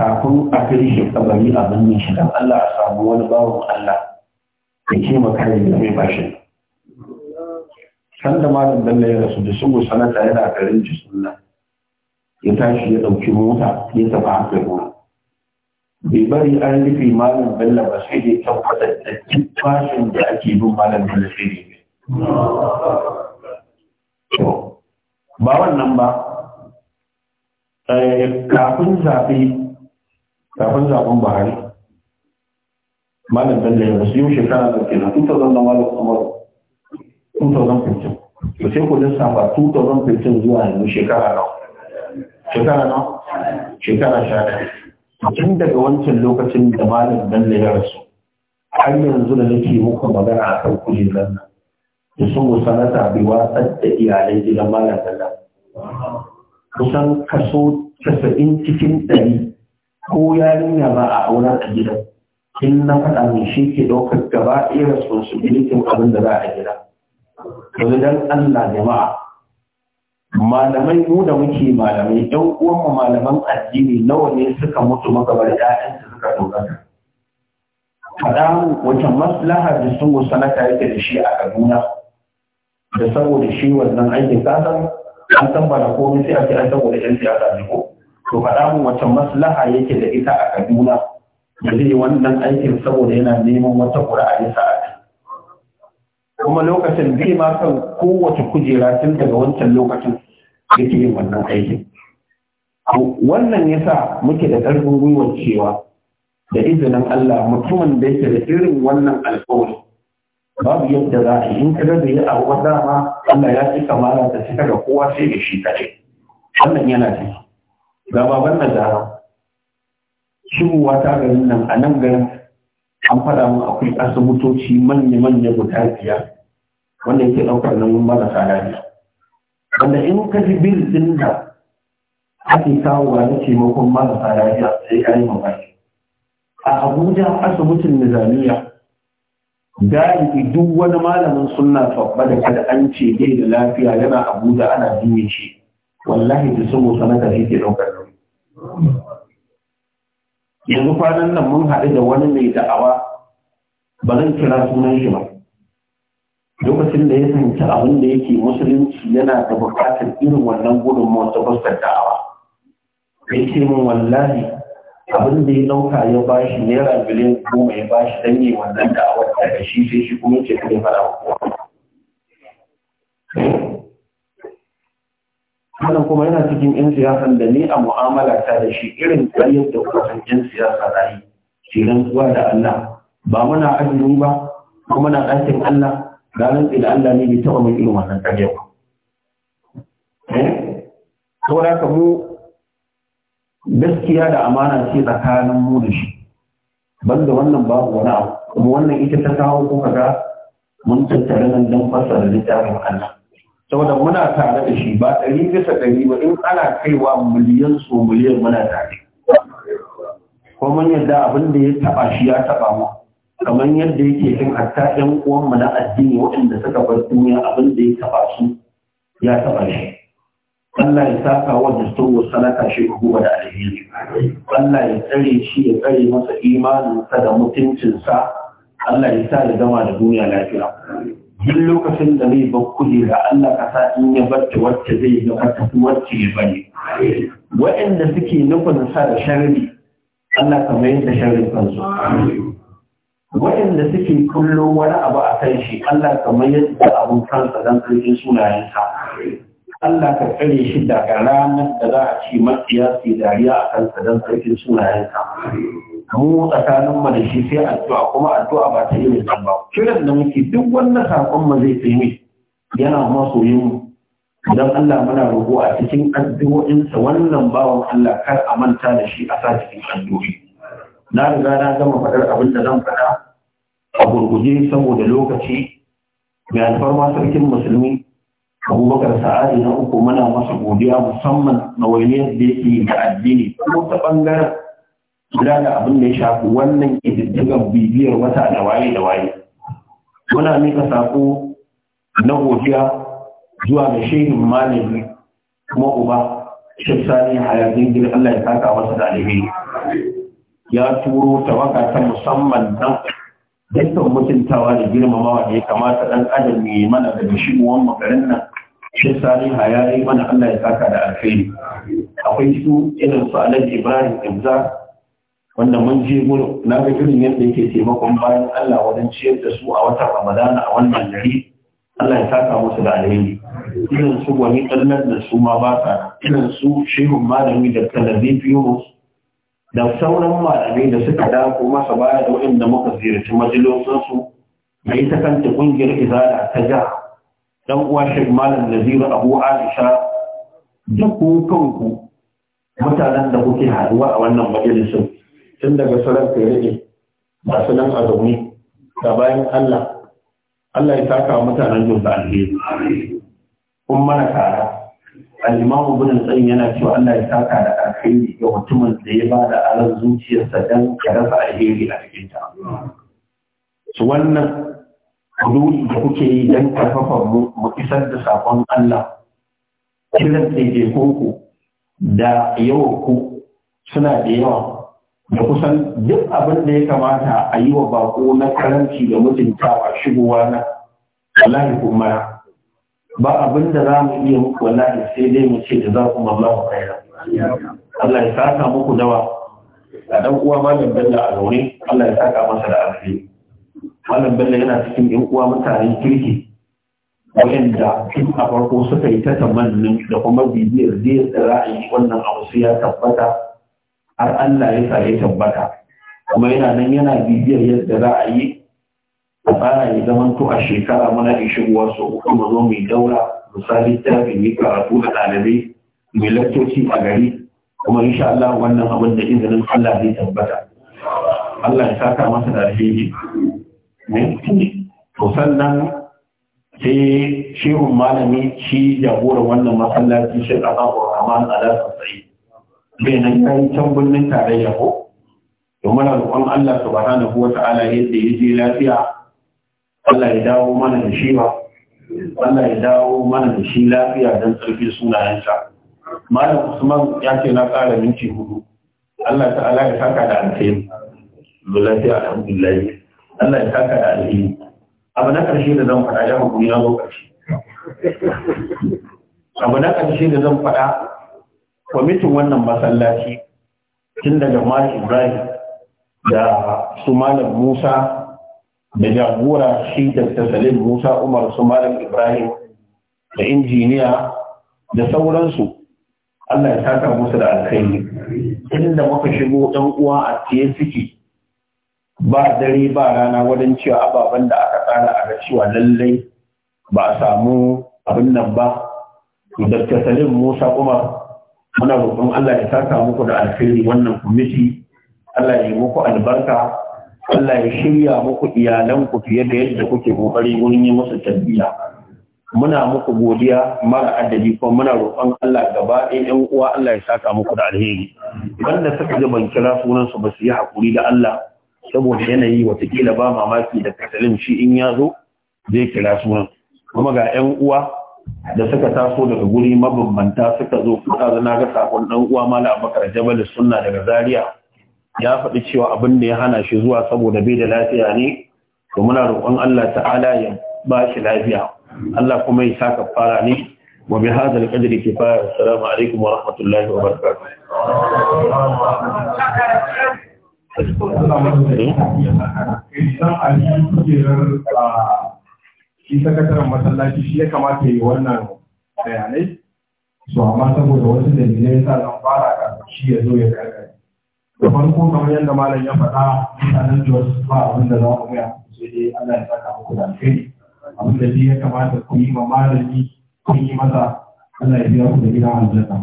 kafin a kai shi kabari a binne shi don Allah a samu wani bawon Allah da ke makarai da mai bashi sanda malam Bello ya rasu da su sanata yana garin suna ya tashi ya ɗauki mota ya tafi haka ruwa. bai bari an rufe malam Bello ba sai dai kyau da duk da ake bin malam Bello sai dai ba wannan ba eh, kafin zaɓe kafin zaben buhari malam bello yanzu su yi shekara da ke na 2000 malam umaru 2015 to sai ku lissafa 2015 zuwa yanzu shekara na shekara na shekara sha ɗaya tun daga wancan lokacin da malam bello ya rasu har yanzu da nake muku magana a kan kujerar nan da sun sanata bai watsar da iyalai gidan malam bello kusan kaso 90 cikin 100 ko yarinya ba a aura a gidan in na faɗa mai shi ke ɗaukar gaba ɗaya responsibilitin abin da za a gida yanzu don allah jama'a malamai mu da muke malamai ɗan uwanmu malaman addini nawa ne suka mutu magabar bar su suka dogara faɗa wata maslaha da sun na yake da shi a kaduna da saboda shi wannan aikin kasan an tambara komai sai a an saboda yan siyasa ne ko to faɗa mun wata maslaha yake da ita a Kaduna da zai wannan aikin saboda yana neman wata ƙura'a ya sa kuma lokacin zai ma kan kowace kujera tun daga wancan lokacin ke yin wannan aikin wannan yasa muke da ƙarfin gwiwar cewa da izinin Allah mutumin da yake da irin wannan alƙawari babu yadda za a yi in da yi abu dama Allah ya ci kamala ta cika ga kowa sai da shi kaɗai wannan yana ciki ga baban na da shigowa ta garin nan a nan garin an fada mun akwai asibitoci manya-manya guda biyar wanda yake ɗaukar nan marasa lafiya wanda in ka ji bil ɗin da ake kawo ga na taimakon marasa lafiya sai tsaye yi mamaki a abuja asibitin nizamiya galibi duk wani malamin sunna babba da kada an ce dai da lafiya yana abuja ana jiye shi wallahi da sun musa na gari ke ɗaukar nauyi yanzu kwanan nan mun haɗu da wani mai da'awa ba zan kira sunan shi ba lokacin da ya fahimci abin da yake musulunci yana da buƙatar irin wannan gudun ta fuskar da'awa ya ce min wallahi abin da ya ɗauka ya ba shi naira biliyan goma ya ba shi yi wannan da'awar da shi sai shi kuma ce kuma fara wannan kuma yana cikin 'yan siyasan da ne a mu'amala ta da shi irin ƙaryar da kusan 'yan siyasa na yi shi rantsuwa da Allah ba muna azumi ba kuma muna ɗakin Allah da rantsi da Allah ne bai taɓa mai irin wannan ƙarya ba. Eh? Saboda ka mu gaskiya da amana ce tsakanin mu da shi Ban da wannan babu wani abu kuma wannan ita ta kawo kuka ga mun tattare nan don fasa da littafin Allah. saboda muna tare da shi ba ɗari bisa ɗari ba in ana kaiwa miliyan so miliyan muna tare ko mun yadda abin da ya taɓa shi ya taɓa mu kamar yadda yake ɗin hatta ƴan uwanmu na addini waɗanda suka bar duniya abin da ya taɓa su ya taɓa shi Allah ya saka wa dastuwar sanata shi uku da alheri Allah ya tsare shi ya tsare masa sa da mutuncinsa Allah ya sa ya gama da duniya lafiya duk lokacin da zai bar kujera Allah ka sa in ya barci wacce zai ga wata wacce ya bari waɗanda suke nufin sa da sharri Allah ka mai da sharri kansu waɗanda suke kullo wani abu a kan shi Allah ka mai da abun kansa dan sarkin sunayensa Allah ka tsare shi daga ranar da za a ci matsiya su dariya a kansa dan sarkin sunayensa mu tsakanin mu da shi sai addu'a kuma addu'a ba ta yi mai ba kiran da muke duk wannan sakon mu zai tsaye yana masoyin idan Allah muna roƙo a cikin addu'o'insa wannan bawan Allah kar a manta da shi a sa cikin addu'o'i na riga na gama faɗar abin da zan faɗa a gurguje saboda lokaci mai alfarma sarkin musulmi abubakar sa'adi na uku muna masa godiya musamman na wailiyar da yake da addini ko ta ɓangaren gudana abin da ya shafi wannan ƙididdigar bibiyar wata da waye da waye muna mika saƙo na godiya zuwa ga shehin malami kuma uba shan sani hayatin gina allah ya saka masa dalibai ya turo tawaga ta musamman nan dukkan mutuntawa da girmamawa da ya kamata ɗan adam ya yi mana daga shigowar makarin nan shi sani hayari mana Allah ya saka da alheri akwai su irin su alhaji ibrahim ibza wanda mun je gudu na ga irin yadda yake taimakon bayan Allah wajen ciyar da su a watan Ramadan a wannan gari Allah ya saka musu da alheri irin su gwani ɗannan da su ma ba sa irin su shehun malami da talabi Yunus da sauran malamai da suka dako masa baya da waɗanda muka ziyarci majalisunsu da ita kanta ƙungiyar izala ta ja dan uwa shek malam naziru abu aisha da ku kanku mutanen da kuke haɗuwa a wannan majalisun tun daga sarar ka rage masu nan a zaune Ga bayan Allah Allah ya taka wa mutanen yau da alheri kun mana kara alimamu gudun tsayin yana cewa Allah ya taka da alheri ga mutumin da ya ba da alar zuciyarsa don ka rasa alheri a cikin ta su wannan kudu da kuke yi don karfafa mu isar da sakon Allah kiran tsaye ku da yawan ku suna da yawa da kusan duk abin da ya kamata a yi wa bako na karanci da mutunta a shigowa na wallahi kuma ba abin da za mu iya muku wallahi sai dai mu ce da za ku mamla wa kaira Allah ya saka muku dawa da dan uwa malam bello a zaune Allah ya saka masa da alheri malam bello yana cikin yan uwa mutane kirki wa'anda tun a farko suka yi ta tamannin da kuma bibiyar zai ra'ayi wannan abu sai ya tabbata har Allah ya sa ya tabbata kuma yana nan yana bibiyar yadda za a yi a tsara ya zamantu a shekara muna shigowar su uku mu zo mai daura misali littafi mai karatu da ɗalibai mai lakcoci a gari kuma insha Allah wannan abin da izinin Allah zai tabbata Allah ya saka masa da alheri ne to sannan sai shehun malami shi jagoran wannan masallaci shi a Rahman Ala sai bai nan kai can birnin tarayya ko domin roƙon Allah subhanahu wa ta'ala yadda ya je lafiya Allah ya dawo mana da shi ba Allah ya dawo mana da shi lafiya don tsarki sunayensa malam Usman ya ce na ƙara minti hudu Allah ta'ala ya saka da alheri lafiya alhamdulillah Allah ya saka da alheri abu na ƙarshe da zan faɗa ya hukumi na zo ƙarshe abu na ƙarshe da zan faɗa kwamitin wannan masallaci tun daga mali ibrahim da su malam musa da jagora shi da salim musa umar su malam ibrahim da injiniya da sauransu allah ya saka musu da alkhairi inda muka shigo ɗan uwa a tiye suke, ba dare ba rana wajen cewa ababen da aka tsara a ga cewa lallai ba a samu abin nan ba da salim musa umar muna roƙon Allah ya saka muku da alheri wannan kwamiti Allah ya yi muku albarka Allah ya shirya muku iyalanku fiye da yadda kuke kokari wurin yi musu tarbiyya muna muku godiya mara adadi ko muna roƙon Allah gaba ɗaya ƴan uwa Allah ya saka muku da alheri banda suka ji ban kira sunan su ba su yi hakuri da Allah saboda yanayi watakila ba mamaki da kasalin shi in ya zo zai kira sunan kuma ga ƴan uwa da suka taso daga guri mabambanta suka zo kuka zana ga sakon dan uwa mala abakar jabal sunna daga zaria ya faɗi cewa abin da ya hana shi zuwa saboda bai da lafiya ne to muna roƙon Allah ta'ala ya ba shi lafiya Allah kuma ya saka fara ne wa bi hadal qadri kifaya assalamu alaikum wa rahmatullahi wa barakatuh shi sakataren masallaci shi ya kamata ya yi wannan bayanai Su amma saboda wasu dalilai sa zan fara ka shi ya zo ya karkare da farko kamar yadda malam ya faɗa mutanen Jos ba abin da za ku ya sai dai Allah ya saka muku da alheri abin da ya kamata ku yi ma malami kun yi masa Allah ya biya ku da gidan aljanna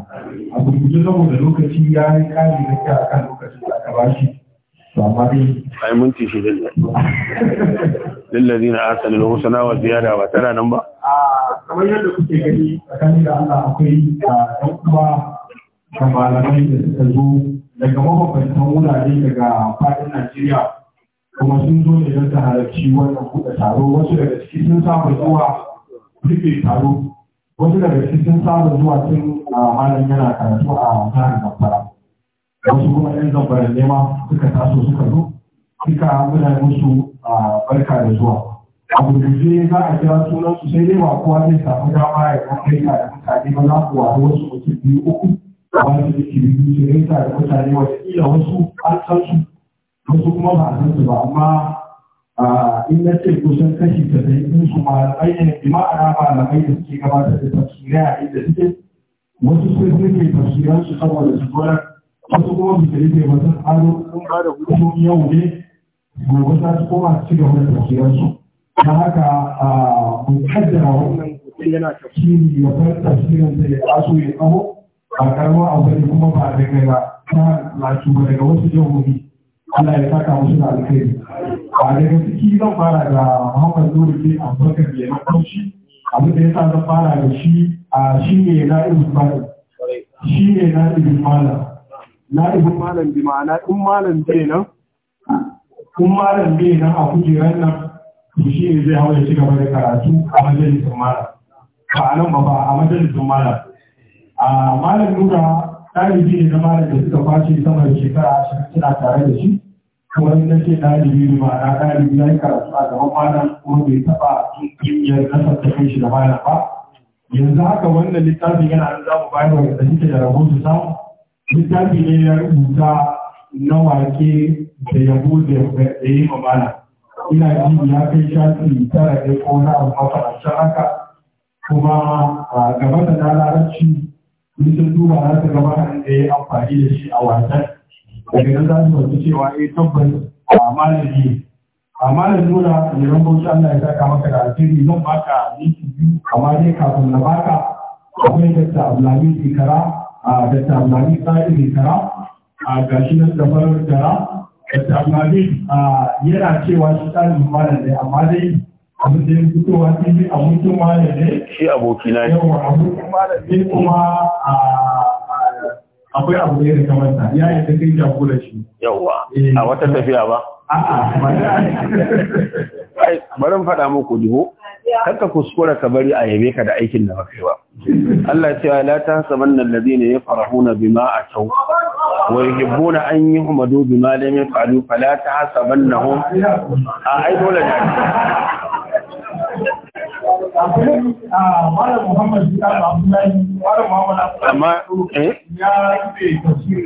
a gurguje saboda lokaci ya yi kari a akan lokacin da aka bashi ai minti shida na asali husna wa ziyara ba tana nan ba kamar yadda kuke gani tsakanin da Allah akwai ɗan uwa da malamai da suka zo daga mabambantan wurare daga fadin Najeriya kuma sun zo ne don ta halarci wannan buɗe taro wasu daga ciki sun samu zuwa rufe taro wasu daga ciki sun samu zuwa tun malam yana karatu a jihar Zamfara wasu kuma ɗan zambarar nema suka taso suka zo suka muna musu a barka da zuwa da gurguje za a kira sunan su sai dai ba kowa zai samu dama ya kan kai da mutane ba za ku wari wasu mutum biyu uku a wani da ke biyu su rinka da mutane wataƙila wasu an san su wasu kuma ba a san su ba amma in na ce kusan kashi ta casa'in ɗin su malamai ne bi ma'ana malamai da suke gabatar da tafsirai a inda suke wasu sun suke tafsiransu saboda su gwanar wasu kuma misali da yawancin aro sun ba hukumomi yau ne gobe za su koma su ci gaba da tafsirarsu ta haka a mukaddara wannan yana tafsiri ya bar tafsirin da ya taso ya tsawo A karama a ne kuma ba daga ba ta latu ba daga wasu jihohi Allah ya saka musu da alkhairi ba daga ciki zan fara da Muhammad Nuru ke Abubakar ya na kauci abin da ya sa zan fara da shi a shi ne na ibn Malik shi ne na ibn Malik na'ibin malam bi ma'ana in malam bai nan in malam bai nan a kujerar nan to shi ne zai hau ya ci gaba da karatu a majalisar malam ba a nan ba ba a majalisar malam a malam nura ɗalibi ne na malam da suka kwace sama da shekara ashirin suna tare da shi kamar na ce ɗalibi ne ma'ana ɗalibi ya yi karatu a gaban malam kuma bai taɓa kimiyyar nasar ta kai shi da malam ba yanzu haka wannan littafin yana nan za mu bayar wa da suke da rahoto samu littafi ne ya rubuta na wake da yabo da yi mamana ina ji ya kai shafi tara da ko na abu mafarashin haka kuma a gaba da na larabci nisan duba na ta gaba da ya amfani da shi a wasan daga nan za su wasu cewa ya eh, tabbas a malami a malam nuna yaran bauchi Allah ya saka maka da alfiri zan baka minti biyu amma dai kafin na baka akwai da Abdulhamid shekara a da tamani tsari tara, a gashi nan da farar kara da tamani a yana cewa shi tsarin malam ne amma dai abin da ya fitowa sun yi abokin malam ne shi aboki na yawa abokin malam ne kuma a akwai abu ne da kamanta ya yi ta kai jagora shi yawa eh. a wata tafiya ba a'a bari faɗa muku dubu kakka kuskura ka bari a yabe ka da aikin da baka ba Allah cewa la tahsabanna alladhina yafrahuna bima ataw wa yuhibbuna an yuhmadu bima lam yafalu fala tahsabannahum a ai dole ne amma eh ya rubuta tafsir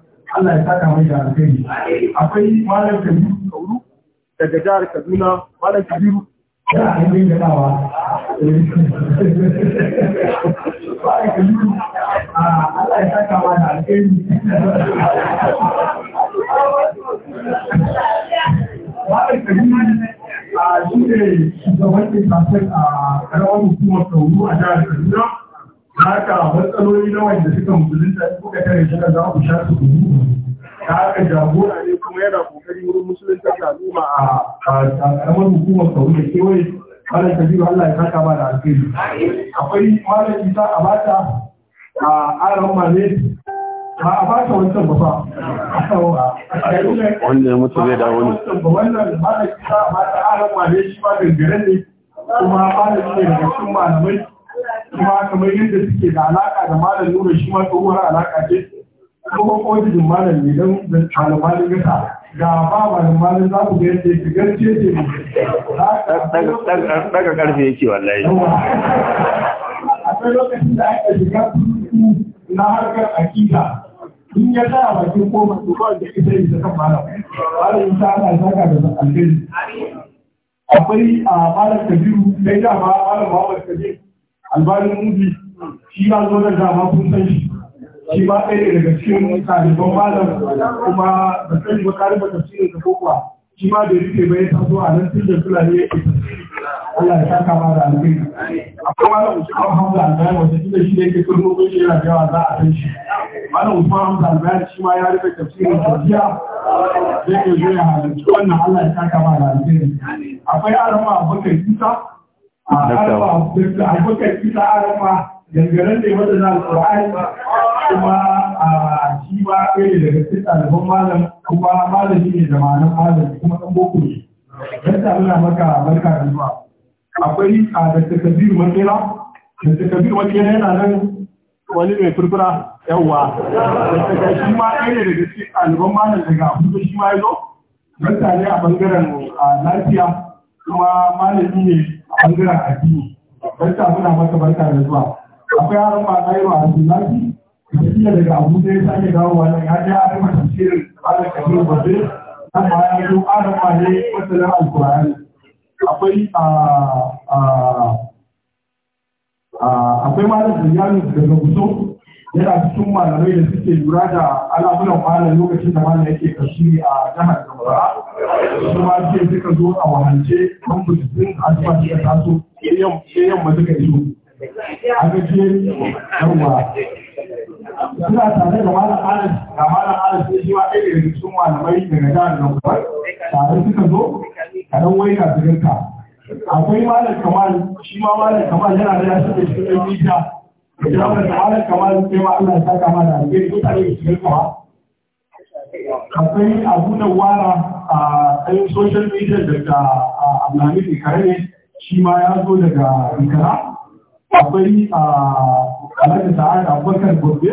Allah ya saka mai da alkhairi akwai malam Kabiru Kauru daga jihar Kaduna malam Kabiru ya ainihin da dawa malam Kabiru Allah ya saka mai da alkhairi malam Kabiru a shi ne shugaban a karawar hukumar Kauru a jihar Kaduna haka matsaloli na wanda suka musulunta kuka tare shi za ku sha su kudu ta haka jagora ne kuma yana kokari wurin musulunta da al'umma a karamar hukumar kawo da kewaye malam kabiru allah ya saka ba da alkhairi akwai malam isa a bata a aron mane ba a bata wancan ba fa wanda ya mutu zai dawo ne wannan malam isa a bata aron mane shi ba gangare ne kuma malam ne daga cikin malamai kuma kamar yadda suke da alaka da malam nuna shi ma tsohuwar alaka ce kuma kojin malam ne don da malamalin gasa ga ba malamalin za ku ga yadda yake gaske ce daga karfe yake wallahi akwai lokacin da aka shiga na harkar akida in ya sa bakin koma to ba da ita yi kan malam malam ta ana saka da alheri akwai a ah, malam kabiru dai da ma malam Muhammad Kabiru albarin mubi shi ya zo da dama kun san shi shi ba ɗaya daga cikin ɗaliban malam kuma da sani ba kare bata cikin da kuwa. shi ma da yake bai taso a nan tun da fulani yake Allah ya saka ma da alƙai akwai malam Usman Hamza Albayan wanda tun da shi da yake kurmo ko shi yana da yawa za a san shi malam Usman Hamza Albayan shi ma ya rufe tafsirin Turkiya zai ke zo ya halarci wannan Allah ya saka ma da alƙai akwai Arama Abubakar Isa a harfa da abokan isa arafa dangaren da ya wata na alƙur'ani kuma a shi ba ɗaya daga cikin ɗaliban malam kuma malami ne da malam malami kuma ɗan boko ne dan ta nuna maka barka da zuwa akwai a da Kabiru makera da Kabiru makera yana nan wani mai furfura yawwa da shi ma ɗaya daga cikin ɗaliban malam daga abuja shi ma ya zo dan ta ne a bangaren lafiya kuma malami ne ɓangaren addini barka muna maka barka da zuwa akwai yaron ba na yawa tafiya daga abuja ya sake dawowa nan ya ja tafsirin ala kabir bazir nan ya zo ne akwai akwai da ziyanu daga yana cikin malamai da suke lura da alamunan malam lokacin da malam yake kashi a jihar Su ma ke suka zo a wahance kan mutum asuba suka taso sai yamma suka iso a gaje yawa suna tare da malam Anas da malam Anas sai shi ma ɗaya daga cikin malamai daga jihar Zamfara tare suka zo a ɗan waika su ganka akwai malam Kamal shi ma malam Kamal yana da ya shi da ɗan Idan da kamar sai Allah ya saka mana alheri mutane su yi kawa. Akwai abu da wara a tsayin social media daga Abdulhamid Ikare shi ma ya zo daga Ikara. Akwai a Alhaji Sa'ad Abubakar Gombe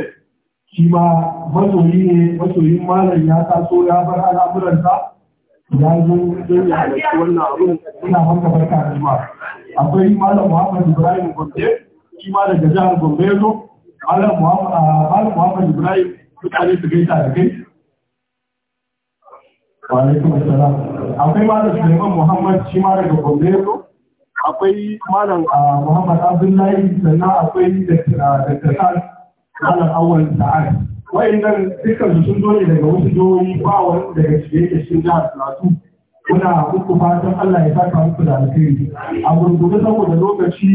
shi ma masoyi ne masoyin malam ya taso ya bar al'amuransa ya zo don ya halarci wannan abin ina maka barka da Akwai malam Muhammad Ibrahim Gombe shi daga jihar Gombe ya zo Malam Muhammad ah, Ibrahim mutane su gaita da kai wa alaikum assalam akwai malam Suleiman Muhammad shi ma daga Gombe ya zo akwai malam ah, Muhammad Abdullahi sannan akwai Dr. Ah, Sal malam Awal Sa'ad wa'annan dukkan sun zo ne daga wasu jihohi ba wani daga cikin shi jihar Plateau muna muku fatan Allah ya saka muku da alheri a gurgurda saboda lokaci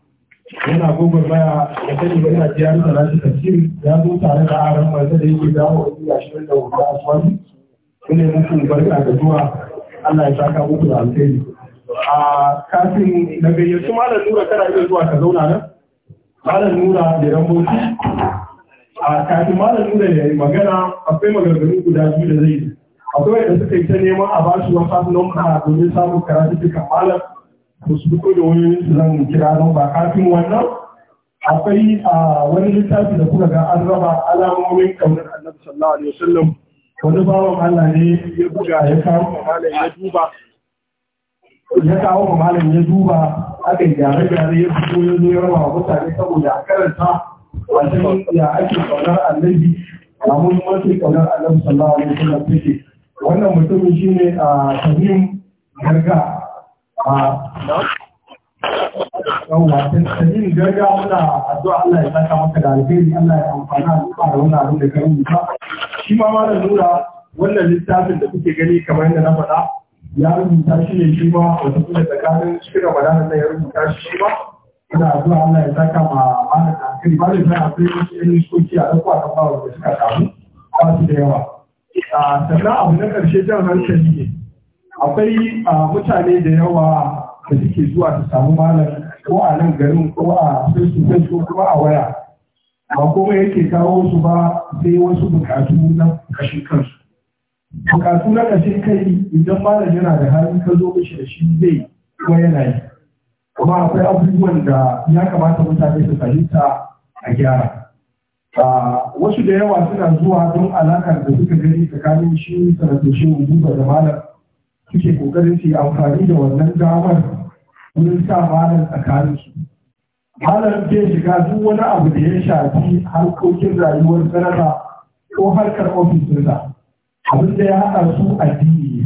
yana gogon baya da sani yana jiya da rashi tafsir ya zo tare da aran wanda da yake dawo a cikin ashirin da wuta a suwani ne muku barka da zuwa Allah ya saka muku da alkhairi. a kafin na gayyaci malam nura kana iya zuwa ka zauna nan malam nura da ramboci a kafin malam nura ya yi magana akwai maganganu guda biyu da zai yi akwai wanda suka yi ta neman a bashi wata a domin samun karatu duka malam da su duka da wani zan kira don ba kafin wannan akwai a wani littafi da kuka ga an raba alamomin kaunar annabi sallallahu alaihi wasallam wani bawan Allah ne ya buga ya kawo malam ya duba ya kawo malam ya duba aka yi gyare-gyare ya fito ya zo ya raba wa mutane saboda a karanta wajen ya ake kaunar annabi a muhimmancin kaunar annabi sallallahu alaihi wasallam take wannan mutumin shine a tamim garga yawwa tajin muna addu'a Allah ya saka maka da alheri Allah ya amfana al'umma da wannan shi ma malam nura wannan littafin da kuke gani kamar yadda na faɗa ya rubuta shi ne shi ma wata kuma tsakanin cikin Ramadan da ya rubuta shi shi ma ina addu'a Allah ya saka ma malam da ba zai fara sai wasu soki a ɗauko a kan bawa da suka samu ba su da yawa ah, sannan abu na ƙarshe jan hankali ne akwai mutane da yawa da suke zuwa ta samu malam ko a nan garin ko a face ko kuma a waya ba kuma yake kawo su ba sai wasu bukatu na kashin kansu bukatu na kashin kai idan malam yana da hannun ka zo mishi da shi zai kuma yana yi kuma akwai abubuwan da ya kamata mutane su fahimta a gyara wasu da yawa suna zuwa don alakar da suka gani tsakanin shi sanatoshin guba da malam suke kokarin su yi amfani da wannan damar wurin sa malam tsakanin su malam ke shiga duk wani abu da ya shafi harkokin rayuwar sarrafa ko harkar ofis ɗinsa abin da ya haɗa su addini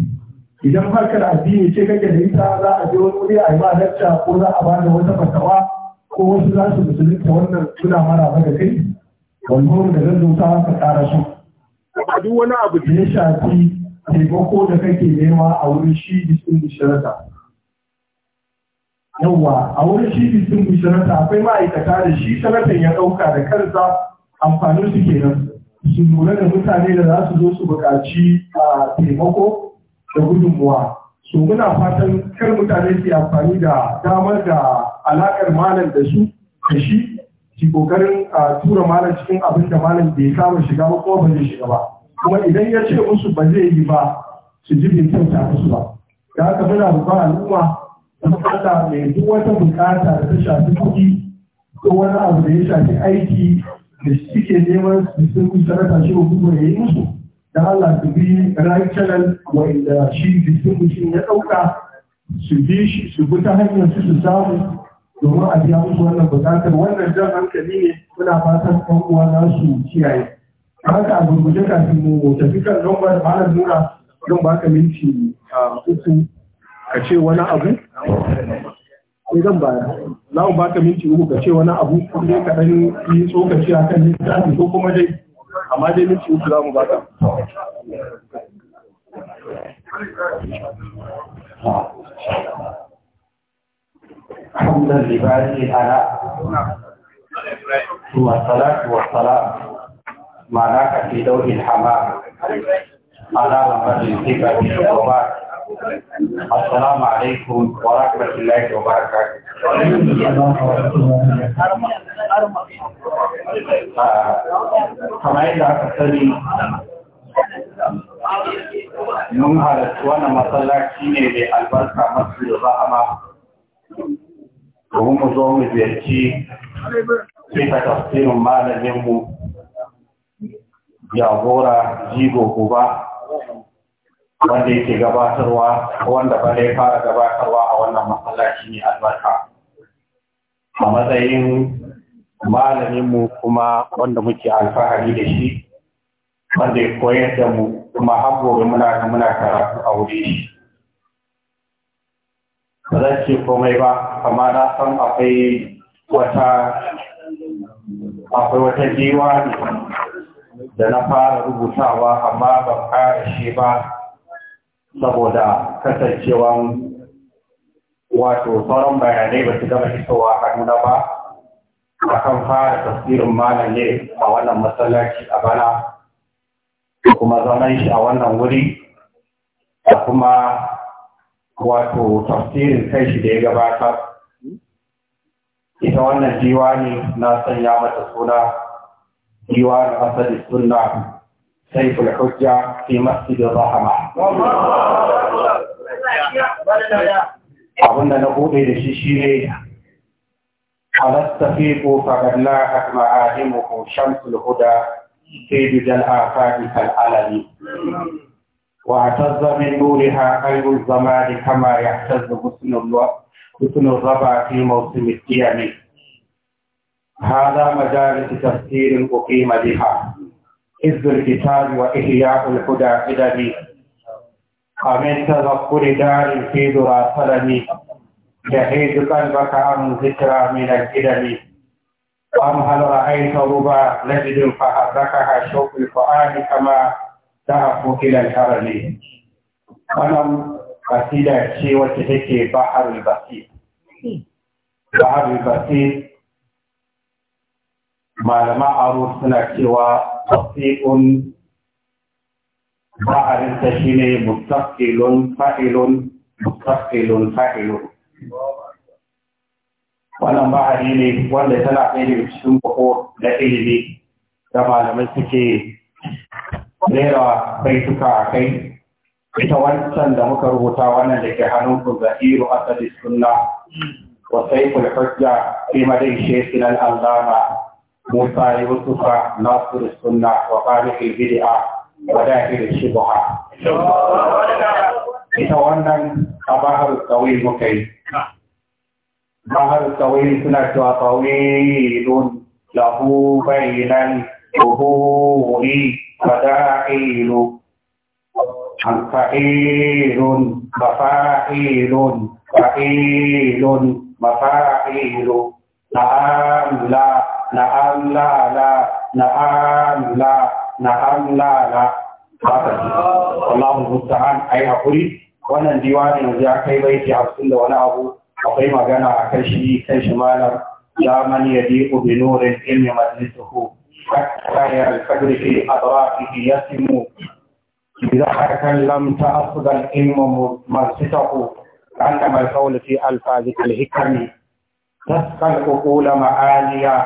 idan harkar addini ce kake da ita za a je wani wuri a yi ba ko za a bada wata fatawa ko wasu za su musulunta wannan suna ba da kai wannan da zan zo ta haka ƙara su duk wani abu da ya shafi taimako da kake nema a wurin shi bisin bishirata yawwa a wurin shi bisin bishirata akwai ma'aikata da shi sanatan ya ɗauka da kansa amfanin su nan, su lura da mutane da za su zo su buƙaci a taimako da gudunmuwa so muna fatan kar mutane su amfani da damar da alaƙar malam da su da shi ki ƙoƙarin tura malam cikin abin da malam bai kama shiga ba kuma ba shiga ba kuma idan ya ce musu ba zai yi ba su ji bin kyauta musu ba ya haka muna roƙon al'umma fata mai duk wata bukata da ta shafi kuɗi ko wani abu da ya shafi aiki da suke neman su sun kusurata shi hukumar ya yi musu da Allah su bi right channel wanda shi distribution ya ɗauka su bi shi su bi ta hanyar su su samu domin a biya musu wannan bukatar wannan jan hankali ne muna fatan ɗan uwa su kiyaye haka a gurguje kafin mu tafi kan lambar malam nura don ba ka minti uku ka ce wani abu sai eh, zan baya za mu ba ka minti uku ka ce wani abu ko dai ka dan yi tsokaci a kan littafi ko kuma dai amma dai minti uku za mu ba ka الحمد لله على والصلاة والسلام ma'ana ka fi daukin hama ana mamarin zika fi shugaba assalamu alaikum wa rahmatullahi wa barakatuh ah, kamar yadda aka sani mun halarci wannan masallaci ne mai albarka masu da za'ama domin mu zo mu ziyarci sai ta tafsirin malaminmu jagora jigo guba wanda yake gabatarwa wanda ba ya fara gabatarwa a wannan masallaci ne albarka a matsayin malaminmu kuma wanda muke alfahari da shi wanda ya koyar da mu kuma haɓoɓe muna da muna karatu a wuri shi ba zan ce komai ba kama na san akwai wata akwai wata jiwa da na fara rubutawa amma ba ƙara shi ba saboda kasancewan wato sauran bayanai ba su gama isowa hannuna ba A kan fara tafsirin malam ne a wannan masallaci a bana da kuma zaman shi a wannan wuri da kuma wato tafsirin kai shi da ya gabatar ita wannan ne na sanya mata suna جوار أسد السنة سيف الحجة في مسجد الرحمة أظن نقول للشيشيرية على السفيق فقد لاحت معالمه شمس الهدى في بدا الآفاق كالعلن واعتز من نورها قلب الزمان كما يعتز حسن الربا في موسم التيامين هذا مجالس تفسير أقيم بها إذ الكتاب وإحياء الهدى قدمي ومن تذكر دار في ذرى سلمي يحيد قلبك عن ذكرى من القدم أم هل رأيت ربا نجد فحركها شوق الفؤاد كما تعف إلى الهرم wannan basira ce wacce بحر البسيط بحر البسيط malama aro suna cewa tafsi'un ba'arinta shi ne mutafilun fa'ilun mutafilun fa'ilun wannan ba'ari ne wanda tana ɗaya daga cikin kwako da ilimi da malamai suke rera kai suka kai ita wancan da muka rubuta wannan da ke hannun ku zahiru asali suna wasai sai fi madai sinan allama موسى يوسف ناصر السنة وقال في البدعة وداخل الشبهة يتوانا أباهر الطويل مكي بحر الطويل سنة طويل له بين الظهور فداخل فعيل مفاعيل فعيل مفاعيل نعم، لا na'am la la na'am la na'am la la haka Allahu musta'an ai hakuri wannan diwani yanzu ya kai baiti 50 da wani abu akwai magana a kan shi kan shi malam ya man yadi bi nurin ilmi majlisuhu حتى الفجر في أدراكه يسم إذا تكلمت أصدى العلم مرسته كأنما القول في ألفاظ الحكم تسقى العقول معاليا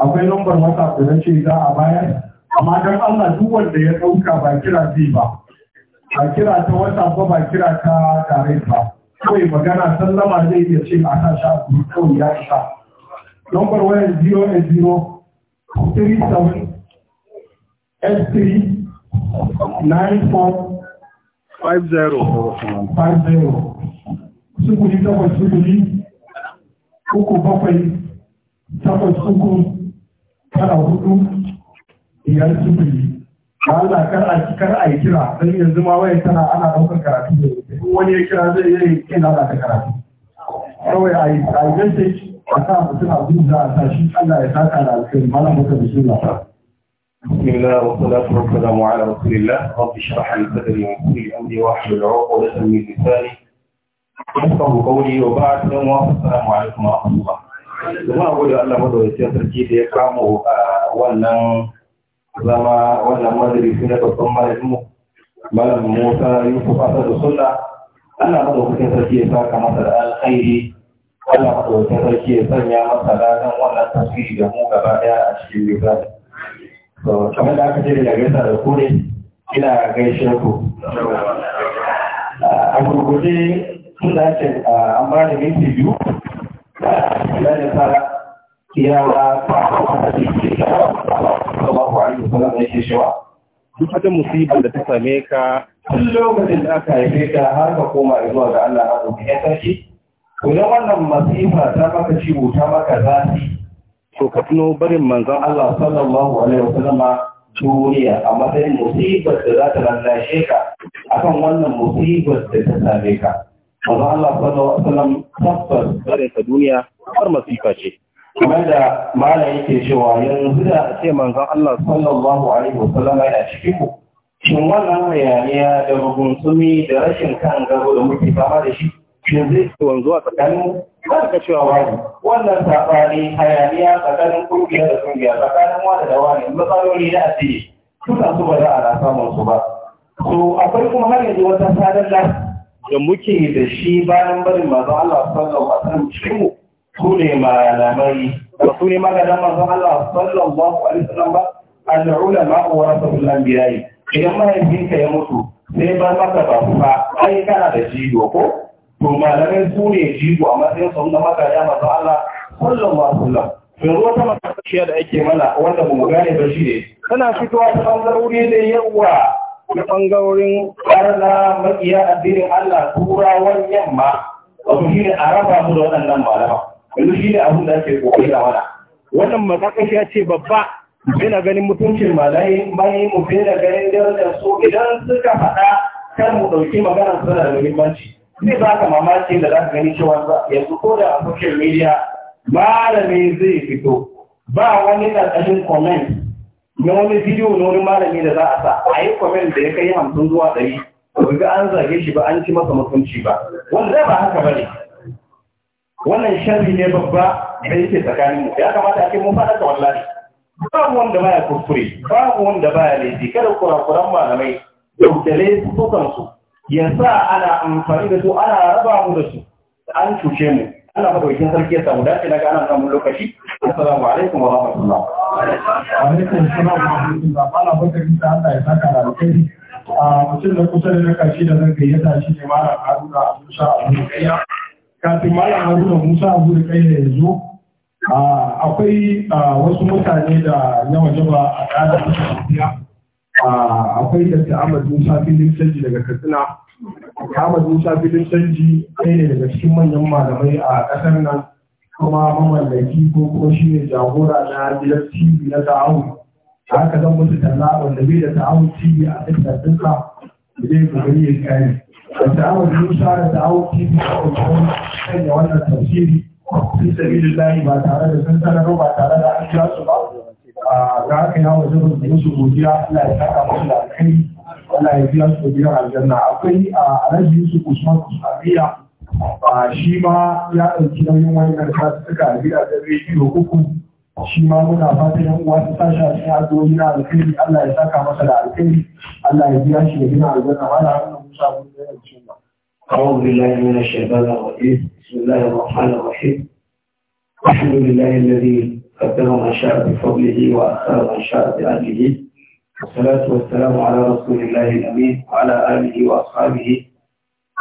akwai lambar wata da na ce za a bayar amma don Allah duk wanda ya ɗauka ba kira zai ba ba kira ta wata ba ba kira ta tare ba kawai magana sallama zai iya ce a kan sha kawai ya isa lambar wayar zero, 37 S3 94 50 50 sukuri takwas sukuri uku bakwai takwas tara hudu biyar sufuri Allah kar a kar a yi kira don yanzu ma waye tana ana ɗaukar karatu ne in wani ya kira zai yi kai lalata karatu kawai a yi a yi message a sa mutum a gudu za a sa shi Allah ya saka da alkhairi malam muka da sunna بسم الله والصلاة والسلام على رسول الله رب اشرح لي صدري ويسر لي أمري واحلل عقدة من لساني يفقهوا قولي وبعد السلام عليكم ورحمة الله Zuma gode Allah madawacin sarki da ya kamo wannan zama wannan majalisi na babban malamu malam Musa Yusuf da Sunna Allah madawacin sarki ya saka masa da alkhairi Allah madawacin sarki ya sanya masa ladan wannan tasiri da mu gaba daya a cikin littafi. So kamar da aka ce da gaisa da kure ina gaishe ku. A gurguje sun da ake an ba da minti biyu ذلك ba الله عليه وسلم يشي شواء duk wata musibar da ta same ka tun lokacin da aka haife ka har ka koma zuwa ga Allah a ya tashi idan wannan masifa ta maka ciwo ta maka zafi to ka tuno barin manzon Allah sallallahu alaihi wasallam duniya a matsayin musibar da za ta lallashe ka akan wannan musibar da ta same ka Allah Allah sallallahu Alaihi wasallam tabbas ta duniya har masifa ce. Kuma da mala yake cewa yanzu da ce manzon Allah sallallahu Alaihi wasallam yana cikin ku. Shin wannan hayaniya da rubunsumi da rashin kan gado da muke fama da shi shin zai wanzu a tsakanin har ka cewa wani wannan saɓani hayaniya tsakanin ƙungiya da ƙungiya tsakanin wani da wani matsaloli na asiri Kusa su ba za a samun su ba. So akwai kuma har yanzu wata sadar da muke da shi bayan barin mazan Allah sallallahu alaihi wasallam su ne malamai ba su ne maganin mazan Allah sallallahu alaihi wasallam ba al ta wa rasul anbiya'i idan mahaifinka ya mutu sai ba maka ba fa ai kana da jigo ko to malamai su ne jigo a matsayin sun na magadan mazan Allah sallallahu alaihi wasallam yanzu wata matashiya da ake mana wanda ba mu gane ba shi ne tana fitowa ta ɓangarori da yawa na ɓangarorin ƙarna maƙiya addinin Allah turawan yamma a shi ne a raba su da waɗannan malama wani shi ne abin da ake ƙoƙari da mana wannan ya ce babba yana ganin mutuncin malayi mai mu da ganin darajar su idan suka faɗa kan mu ɗauki maganar su da muhimmanci zai ba ka mamaki da za ka gani cewa yanzu ko da a social media malami zai fito ba wani ƙarƙashin comment na wani bidiyo na wani malami da za a sa a yi kwamen da ya kai hamsin zuwa ɗari ba ga an zage shi ba an ci masa mutunci ba wanda ba haka ba ne wannan sharri ne babba da yake tsakanin mu ya kamata a ce mun faɗa ta wallahi babu wanda baya kuskure babu wanda baya laifi kada kurakuran malamai dautale su su ya sa ana amfani da su ana raba mu da su an cuce mu Allah madaukakin sarki ya samu dace daga ana samun lokaci assalamu alaikum wa rahmatullah wa alaikum assalam wa rahmatullah Allah madaukakin sa Allah ya saka da alheri a mutum da kusa da na da zan gayyata shi ne malam Haruna Musa Abu ka ti malam Haruna Musa Abu Kaiya ya zo akwai wasu mutane da yawa jaba a kada musu akwai da Ahmad Musa Filin Sanji daga Katsina Ahmad Musa filin canji ɗaya ne daga cikin manyan malamai a ƙasar nan kuma mamallaki ko kuma shi ne jagora na gidan TV na a Haka zan musu talla wanda bai da ta'awu TV a cikin duka zai kogari ya kare. Da ta'awun Musa da ta'awu TV a kan sanya wannan tafsiri da layi ba tare da sun sanar ba tare da an jira su ba. Ah, ga haka ya wajen musu godiya ala ya saka musu da alkhairi. Allah ya biya su biyan aljanna akwai a alhaji Yusuf Usman Kusariya a shi ma ya ɗauki nauyin wani karfa suka a da rediyo uku shi ma muna fatan yan uwa su tashi a cikin addu'o'i na alkhairi Allah ya saka masa da alkhairi Allah ya biya shi da gina aljanna ma da hannun Musa mun da yawan cin ba. أعوذ بالله من الشيطان الرجيم بسم الله الرحمن الرحيم الحمد لله الذي قدر ما شاء بفضله وأخر ما شاء بعدله والصلاة والسلام على رسول الله الأمين وعلى آله وأصحابه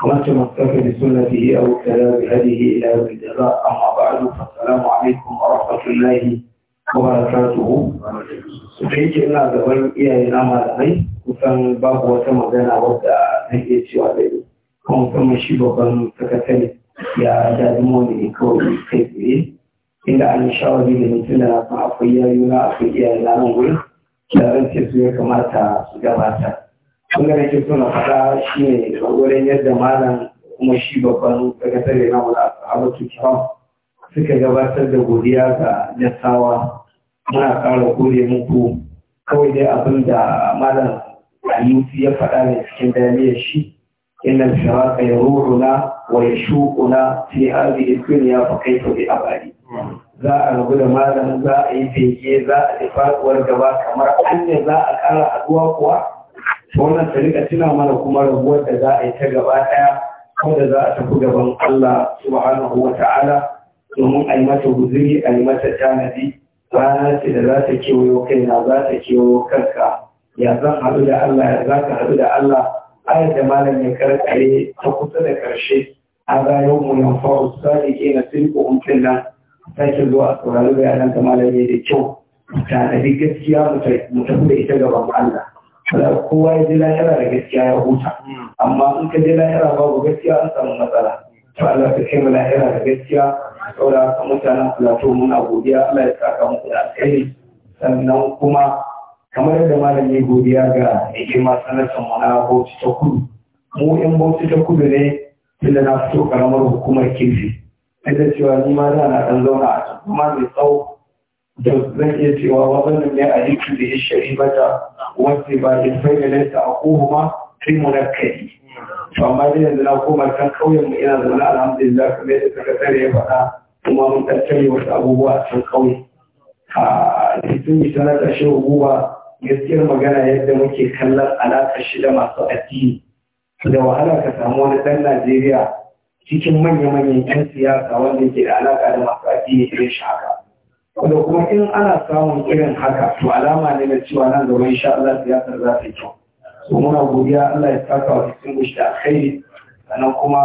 ومن تمسك بسنته أو ابتلى بهديه إلى يوم الجزاء أما بعد فالسلام عليكم ورحمة الله وبركاته. Sai ce ina gaban iyayena malamai kusan babu wata magana wadda nake cewa da yi. Kuma musamman shi babban sakatare ya daɗi mawani ne kawai kai tsaye. Inda an shawari da mutum da na san akwai yayuna akwai iyayena na wurin. shahararci su ya kamata su gabata wanda nake suna faɗa shi ne wurin yadda malam kuma shi babban sakatare na wani abatu suka gabatar da godiya ga dattawa muna ƙara gode muku kawai dai abin da malam Aliyu ya faɗa ne cikin dalilin shi إن الفراق يروعنا ويشوقنا في هذه الدنيا فكيف بأبعد za a rabu da malamin za a yi fege za a yi faɗuwar gaba kamar hanyar za a ƙara haɗuwa kuwa wannan ta rika tuna mana kuma rabuwar da za a yi ta gaba ɗaya wanda za a tafi gaban Allah subhanahu wa ta'ala domin a yi mata guzuri a yi mata tanadi rana ce da za ta kewayo kaina za ta kewayo karka. ya zan haɗu da Allah ya za ka haɗu da Allah ayar da malam ya karkare ta kusa da karshe a bayan munan faru sai ke na sirku umfin nan sake zuwa a saurari bayanan da malam ya da kyau Ta tanadi gaskiya mu tafi da ita gaban Allah kowa ya ji lahira da gaskiya ya huta amma in ka je lahira babu gaskiya an samu matsala to Allah ka kai mu lahira da gaskiya saboda haka mutanen plateau muna godiya Allah ya saka muku da alheri sannan kuma kamar yadda malam godiya ga mai girma mu na bauchi ta kudu mu yan bauchi ta kudu ne tunda na fito karamar hukumar kirfi inda cewa ni ma za na dan zauna a can kuma mai tsawo da zan iya cewa wannan ne a yankin da ya shari mata wasu ba in fayyana ta a kohuma sai mu na kai to amma dai yanzu na koma kan kauyen mu ina zaune alhamdulillah kamar yadda sakatare ya faɗa kuma mun ɗan wasu abubuwa a can kauye a cikin misalar da ƙarshen guba gaskiyar magana yadda muke kallon alaƙa shi da masu addini da wahala ka samu wani ɗan Najeriya cikin manya-manyan 'yan siyasa wanda ke da alaƙa da masu addini irin shi haka. Wanda kuma in ana samun irin haka to alama ne na cewa nan gaba insha Allah siyasar za ta yi kyau. So muna godiya Allah ya saka wa distinguish da alkhairi sannan kuma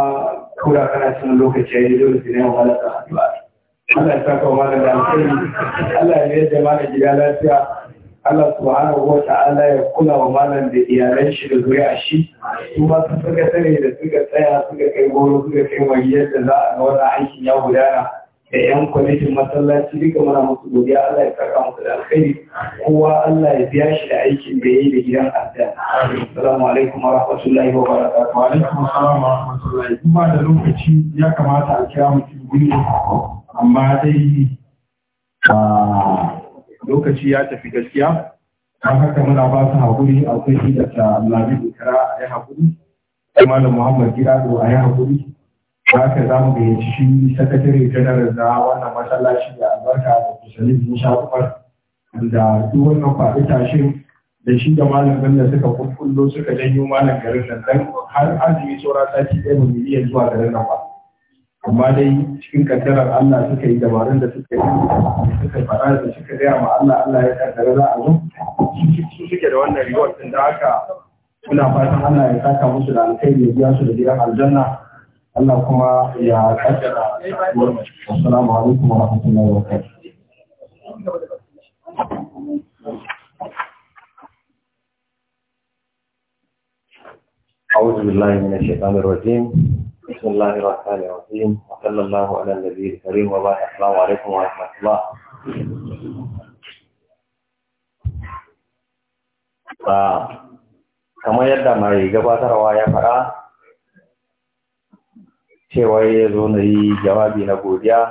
kura kana cin lokaci ya yi dole su ne wa malaka addu'a. Allah ya saka wa malaka alkhairi. Allah ya yi da malaka gida lafiya. Allah subhanahu wa ta'ala ya kula wa malam da iyalan shi da zuri a shi su ma su suka tare da suka tsaya suka kai goro suka kai wani yadda za a ga wannan aikin ya gudana da yan kwamitin masallaci duka mana musu godiya Allah ya saka musu da alkhairi kowa Allah ya biya shi da aikin da yayi da gidan aljanna assalamu alaikum wa rahmatullahi wa barakatuh wa alaikum assalam wa rahmatullahi kuma da lokaci ya kamata a kira mutum gudu amma dai ah, lokaci ya tafi gaskiya don haka muna ba su haƙuri akwai da ta labi a yi haƙuri kuma da muhammad girado a yi haƙuri za za mu gayyaci shi sakatare janar na wannan masallaci da albarka da musulmi bin shafuwar da duk wannan faɗi tashin da shi da malamin da suka kullo suka janyo malam garin nan har azumi saura sati ɗaya miliyan zuwa garin nan ba amma dai cikin kaddarar Allah suka yi dabarun da suka yi suka fara da suka gaya ma Allah Allah ya kaddara za a zo su suke da wannan reward din da haka muna fatan Allah ya saka musu da alkhairi ya biya su da gidan aljanna Allah kuma ya kaddara assalamu alaikum wa rahmatullahi wa barakatuh أعوذ بالله من الشيطان الرجيم بسم الله الرحمن الرحيم وصلى الله على النبي الكريم وبعد السلام عليكم ورحمة الله kamar yadda mai gabatarwa ya faɗa cewa ya zo na yi jawabi na godiya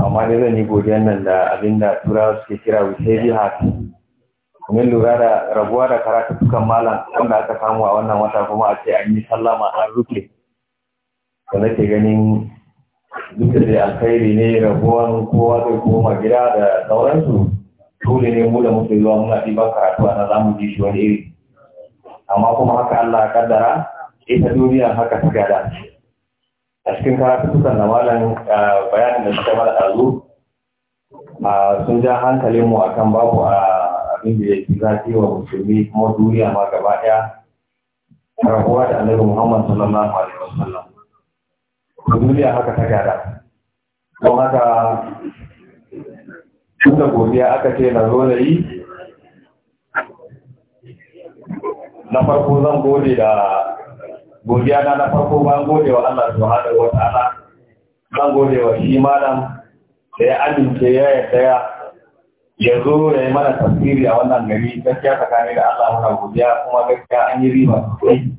amma ne zan yi godiyan nan da abinda tura suke kira with heavy mun lura da rabuwa da karatu dukan malam wanda aka samu a wannan wata kuma a ce an yi sallama an rufe da nake ganin duk da alkhairi ne rabuwan kowa zai koma gida da sauransu dole ne mu da muke zuwa muna ɗiban karatu a na zamu ji shi wani iri amma kuma haka Allah ya kaddara ita duniya haka ta gada a cikin dukkan da malam bayanin da suka mana ɗazu sun ja hankalinmu akan babu a abin da ya fi zafi wa musulmi kuma duniya ma gaba ɗaya rabuwa annabi Muhammad sallallahu alaihi wasallam duniya haka ta gada don haka tun godiya aka ce na zo da yi na farko zan gode da godiya na na farko ban gode wa Allah subhanahu wa ta'ala zan gode wa shi malam da ya amince ya yarda ya zo ya yi mana tafsiri a wannan gari gaskiya tsakani da Allah muna godiya kuma gaskiya an yi riba sosai.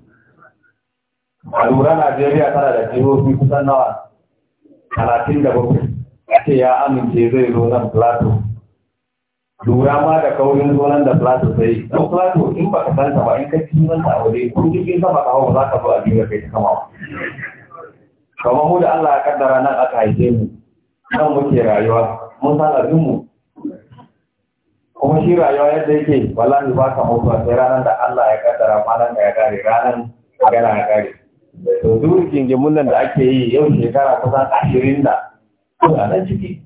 A lura Najeriya tana da jihohi kusan nawa talatin da bakwai ce ya amince zai zo nan Plato. Lura ma da kaurin zo nan da Plato sai don Plato in ba ka san ta ba in ka ci nan ta waje ko jirgin sama ka hawa za ka zo a jirgin kai ta kama. Kamar mu da Allah ya kaddara nan aka haife mu nan muke rayuwa mun san mu. kuma shi rayuwa yadda yake wallahi ba ka mutuwa sai ranar da Allah ya kaddara kwanan da ya kare ranar magana ya kare to duk gingimin nan da ake yi yau shekara kusan ashirin da a nan ciki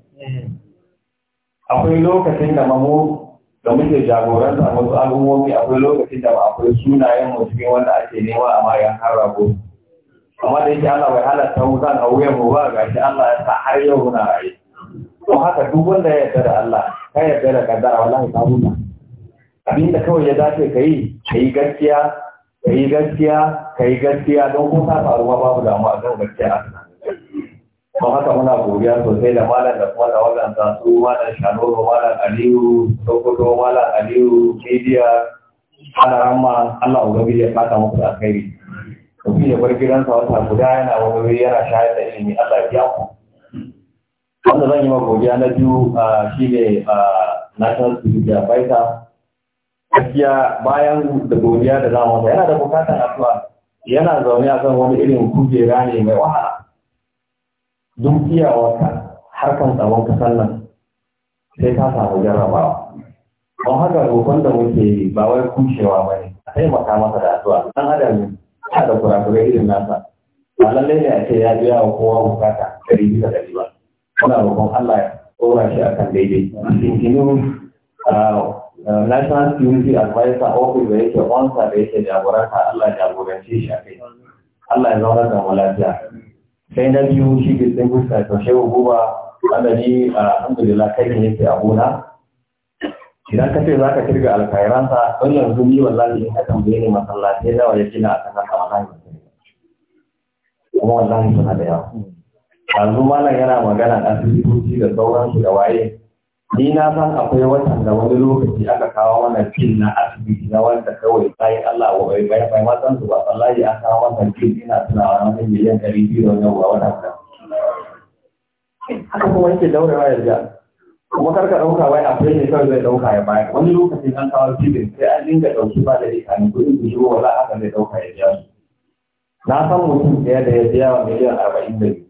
akwai lokacin da mamu da muke jagoranta wasu al'ummomi akwai lokacin da ba akwai sunayen mu cikin wanda ake nema a yan har rago amma da yake Allah bai halatta wutan a wuyan mu ba gashi Allah ya sa har yau na rayu to haka duk wanda ya yarda da Allah ka yarda da kaddara wallahi ka huta da kawai ya dace ka yi ka yi gaskiya ka yi gaskiya ka yi gaskiya don ko ta faru ma babu damuwa don gaskiya don haka muna godiya sosai da malam da kuma da wannan su malam shanoro malam aliyu sokoto malam aliyu media ana Amma, allah ubangiji ya fata muku da alkhairi to ya bar gidansa wata guda yana wani yana shayar da ilimi allah ya biya ku wanda zan yi ma godiya na biyu shi ne national security advisor gaskiya bayan da godiya da zama yana da bukatar asuwa. yana zaune a kan wani irin kujera ne mai wahala duk wata harkar tsawon kasan nan sai ka samu jarrabawa don haka roƙon da muke ba wai kushewa ba ne a taimaka masa da asuwa. dan adam ya da kurakurai irin nasa ba lallai ne a ce ya biya wa kowa bukata ɗari bisa ɗari ba muna roƙon Allah ya tsora shi kan daidai tintinu national security advisor office da yake onsa da yake jagoranta Allah ya jagorance shi a kai Allah ya zauna da mu lafiya sai na biyu shi ke tsingus da taushe guba wanda ni alhamdulillah kai ne yake a gona idan ka ce za ka kirga alkhairansa don yanzu ni wallahi in ka tambaye ni masallaci nawa ya gina a kan haka wallahi kuma wallahi suna da yawa yanzu malam yana magana asibitoci da sauransu da waye ni na san akwai watan da wani lokaci aka kawo wannan fil na asibiti na wanda kawai bayan Allah wa bai bai bai matan su ba wallahi an kawo wannan fil ina tunawa na wani miliyan ɗari biyu da wannan wannan da haka kuma yake daurewa yarda kuma karka ɗauka wai akwai ne kawai zai ɗauka ya bayar wani lokaci an kawo filin sai an dinga ɗauki ba da rikanin ko in shigo wala haka zai ɗauka ya biya su na san mutum ɗaya da ya biya wa miliyan arba'in da biyu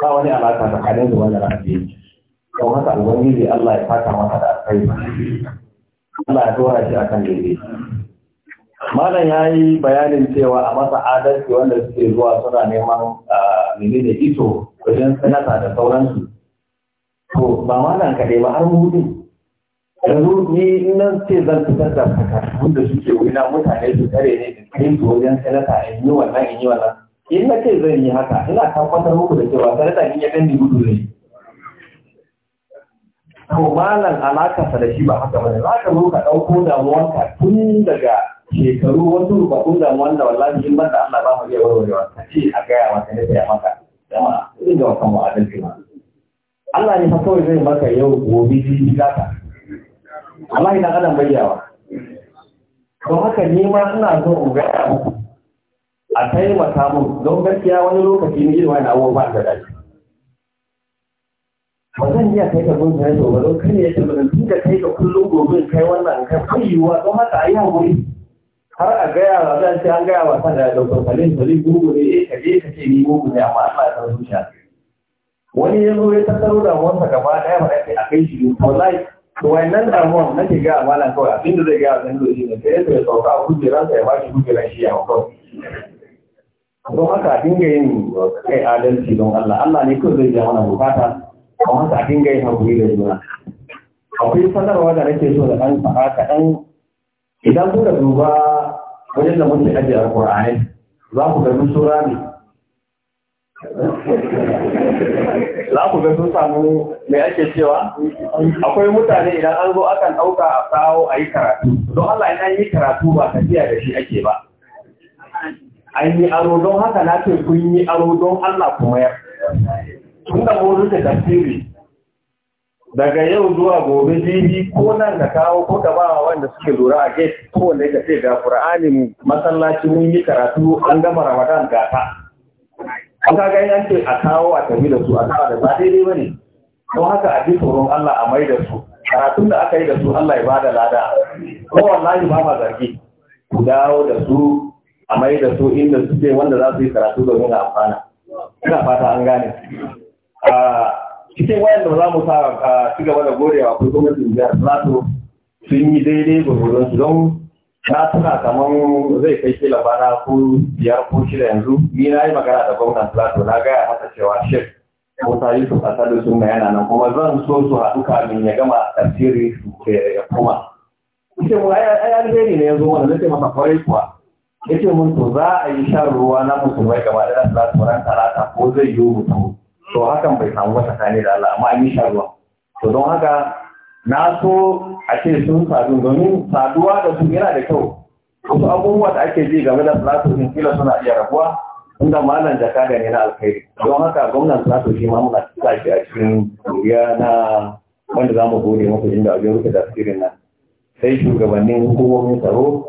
ba wani alaka tsakanin da wani ra'ayi don haka ubangiji Allah ya fata masa da alkai Allah ya dora shi kan daidai malam ya yi bayanin cewa a masa adalci wanda suke zuwa suna neman menene ito wajen sanata da sauransu to ba malam kaɗai ba har mutum yanzu ni nan ce zan fitar da fata wanda suke wina mutane su tare ne da kai su wajen sanata in yi wannan in yi wannan in na ce zan yi haka ina tabbatar muku da cewa sai da ya gani gudu zai to malam alakarsa da shi ba haka bane za ka zo ka ɗauko wanka tun daga shekaru wasu ba kun da wallahi in da Allah ba mu iya warwarewa ka ce a gaya maka ne ya maka dama irin ga wasan adalci ma Allah ne fa kawai zai maka yau gobe ji gata wallahi na adam bayyawa to haka ni ma ina zo in ga muku a taimaka mun don gaskiya wani lokaci ni irin wani abubuwa ba da dace ba zan iya kai ka gun sai ba don kan ya ce ba tun da kai ka kullum gobe kai wannan kai kuyuwa don haka a yi hankali har a gaya wa zan ce an gaya wa san da dokar salin salin gugu ne eh ka je ka ce ni gugu ne amma Allah ya san zuciya wani ya zo ya tattaro damuwarsa gaba daya ba dai a kai shi wallahi to wannan damuwar nake ga amana kawai abinda zai ga zan zo shi ne sai ya sauka a kujeransa ya ba shi shi ya kawai don haka dinga yin kai adalci don Allah Allah ne kawai zai ji mana bukata don haka a dinga yin hakuri da juna akwai sanarwa da nake so da ɗan faɗa kaɗan idan ku da duba wajen da muke ajiye alƙur'anai za ku ga sura ne za ku ga sun samu mai ake cewa akwai mutane idan an zo akan ɗauka a kawo a yi karatu don Allah idan an yi karatu ba tafiya da shi ake ba an yi aro don haka na ce kun yi aro don Allah ku mayar tun da da tafsiri daga yau zuwa gobe jiri ko nan da kawo ko da ba wanda suke lura a gate ko wanda ya ce ga Kur'anin masallaci mun yi karatu an gama Ramadan gata an gani an ce a kawo a tafi da su a kawo da ba daidai ne. don haka a ji tsoron Allah a mai da su karatun da aka yi da su Allah ya bada lada ko wallahi ba ma zargi ku dawo da su a mai da su inda ce wanda za su yi karatu domin a amfana ina fata an gane a cikin wayan da za mu sa ci gaba da gorewa ko gwamnatin jihar plateau sun yi daidai gwargwadon su don na tuna kamar zai kai kila bana ko biyar ko shida yanzu ni na yi magana da gwamnan plateau na gaya haka cewa shek a Yusuf sun na yana nan kuma zan so su haɗu kamin ya gama tafsiri ya koma. Ita mu ai alheri ne ya zo mana zai masa kwarai kuwa. yace mun to za a yi shan ruwa na musulmai gaba da za su ran talata ko zai yi mutu to hakan bai samu wata kane da Allah amma an yi shan ruwa to don haka na so a ce sun sadu domin saduwa da su yana da kyau wasu abubuwa da ake ji game da salatu sun kila suna iya rabuwa inda malam jaka da ne na alkhairi don haka gwamnan salatu shi ma muna sa shi a cikin duniya na wanda za mu gode maka inda abin rufe tasirin nan sai shugabannin hukumomin tsaro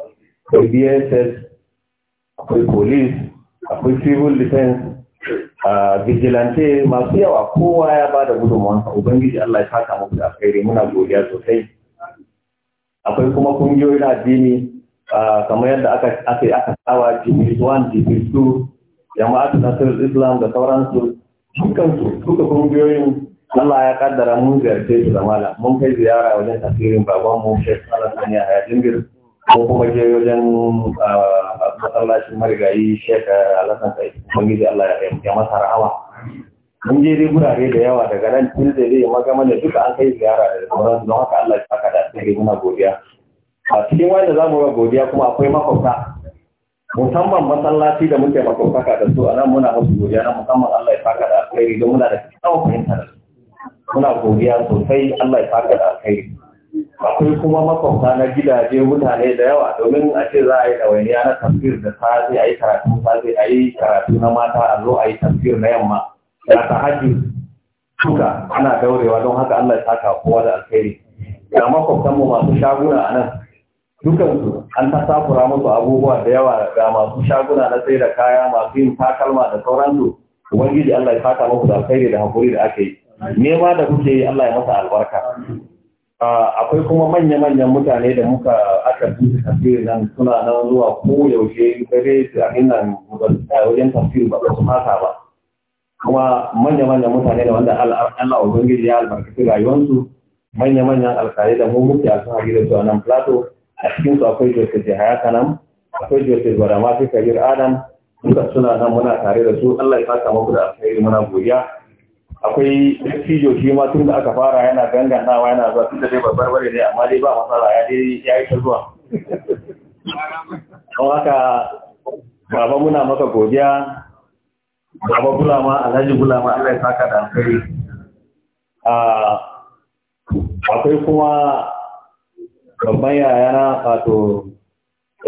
da bss akwai police akwai civil defense a vigilante masu yawa kowa ya ba da gudunmawansa ubangiji Allah ya saka muku da alkhairi muna godiya sosai akwai kuma kungiyoyi na addini kamar yadda aka aka aka tsawa jibril 1 jibril 2 jama'atu nasirul islam da sauransu dukkan duka kungiyoyin Allah ya kaddara mun ziyarce su da mun kai ziyara wajen tasirin babanmu Sheikh Salah Sani Hayatungir ko kuma je wajen masallacin marigayi sheka alasan sai ubangiji Allah ya masa rahama mun je dai gurare da yawa daga nan tun da zai maga mana duka an kai ziyara da sauran don haka Allah ya saka da sai muna godiya a cikin wanda mu ga godiya kuma akwai makwabta musamman masallaci da muke makwabtaka da su a nan muna musu godiya na musamman Allah ya saka da alkhairi don muna da kyawun fahimta da su muna godiya sosai Allah ya saka da alkhairi akwai kuma makwabta na gidaje mutane da yawa domin a ce za a yi ɗawainiya na tafiyar da safe a yi karatun safe a yi karatu na mata a zo a yi tafiyar na yamma Ya ta hajji suka ana daurewa don haka Allah ya saka kowa da alkhairi ga makwabtan mu masu shaguna a nan dukansu an ta safura musu abubuwa da yawa ga masu shaguna na tsaye da kaya masu yin takalma da sauransu ubangiji Allah ya saka muku da alkhairi da hakuri da ake yi nema da kuke yi Allah ya masa albarka akwai kuma manya-manyan mutane da muka aka duka tafiyar nan suna nan zuwa ko yaushe dare su a nan wajen tafiyar ba su mata ba kuma manya-manyan mutane da wanda Allah Ubangiji ya albarkaci rayuwarsu manya-manyan alkali da mu muke a sun hagi da su a nan plato a cikin su akwai Joseph ta nan akwai gwada mafi Kabir Adam duka suna nan muna tare da su Allah ya fasa muku da alkhairi muna godiya akwai fijo shi ma tun da aka fara yana gangantawa yana zuwa tun da dai babbar bare ne amma dai ba matsala ya dai ya yi ta zuwa don haka baba muna maka godiya baba bulama alhaji bulama allah ya saka da alkhairi akwai kuma babban yayana wato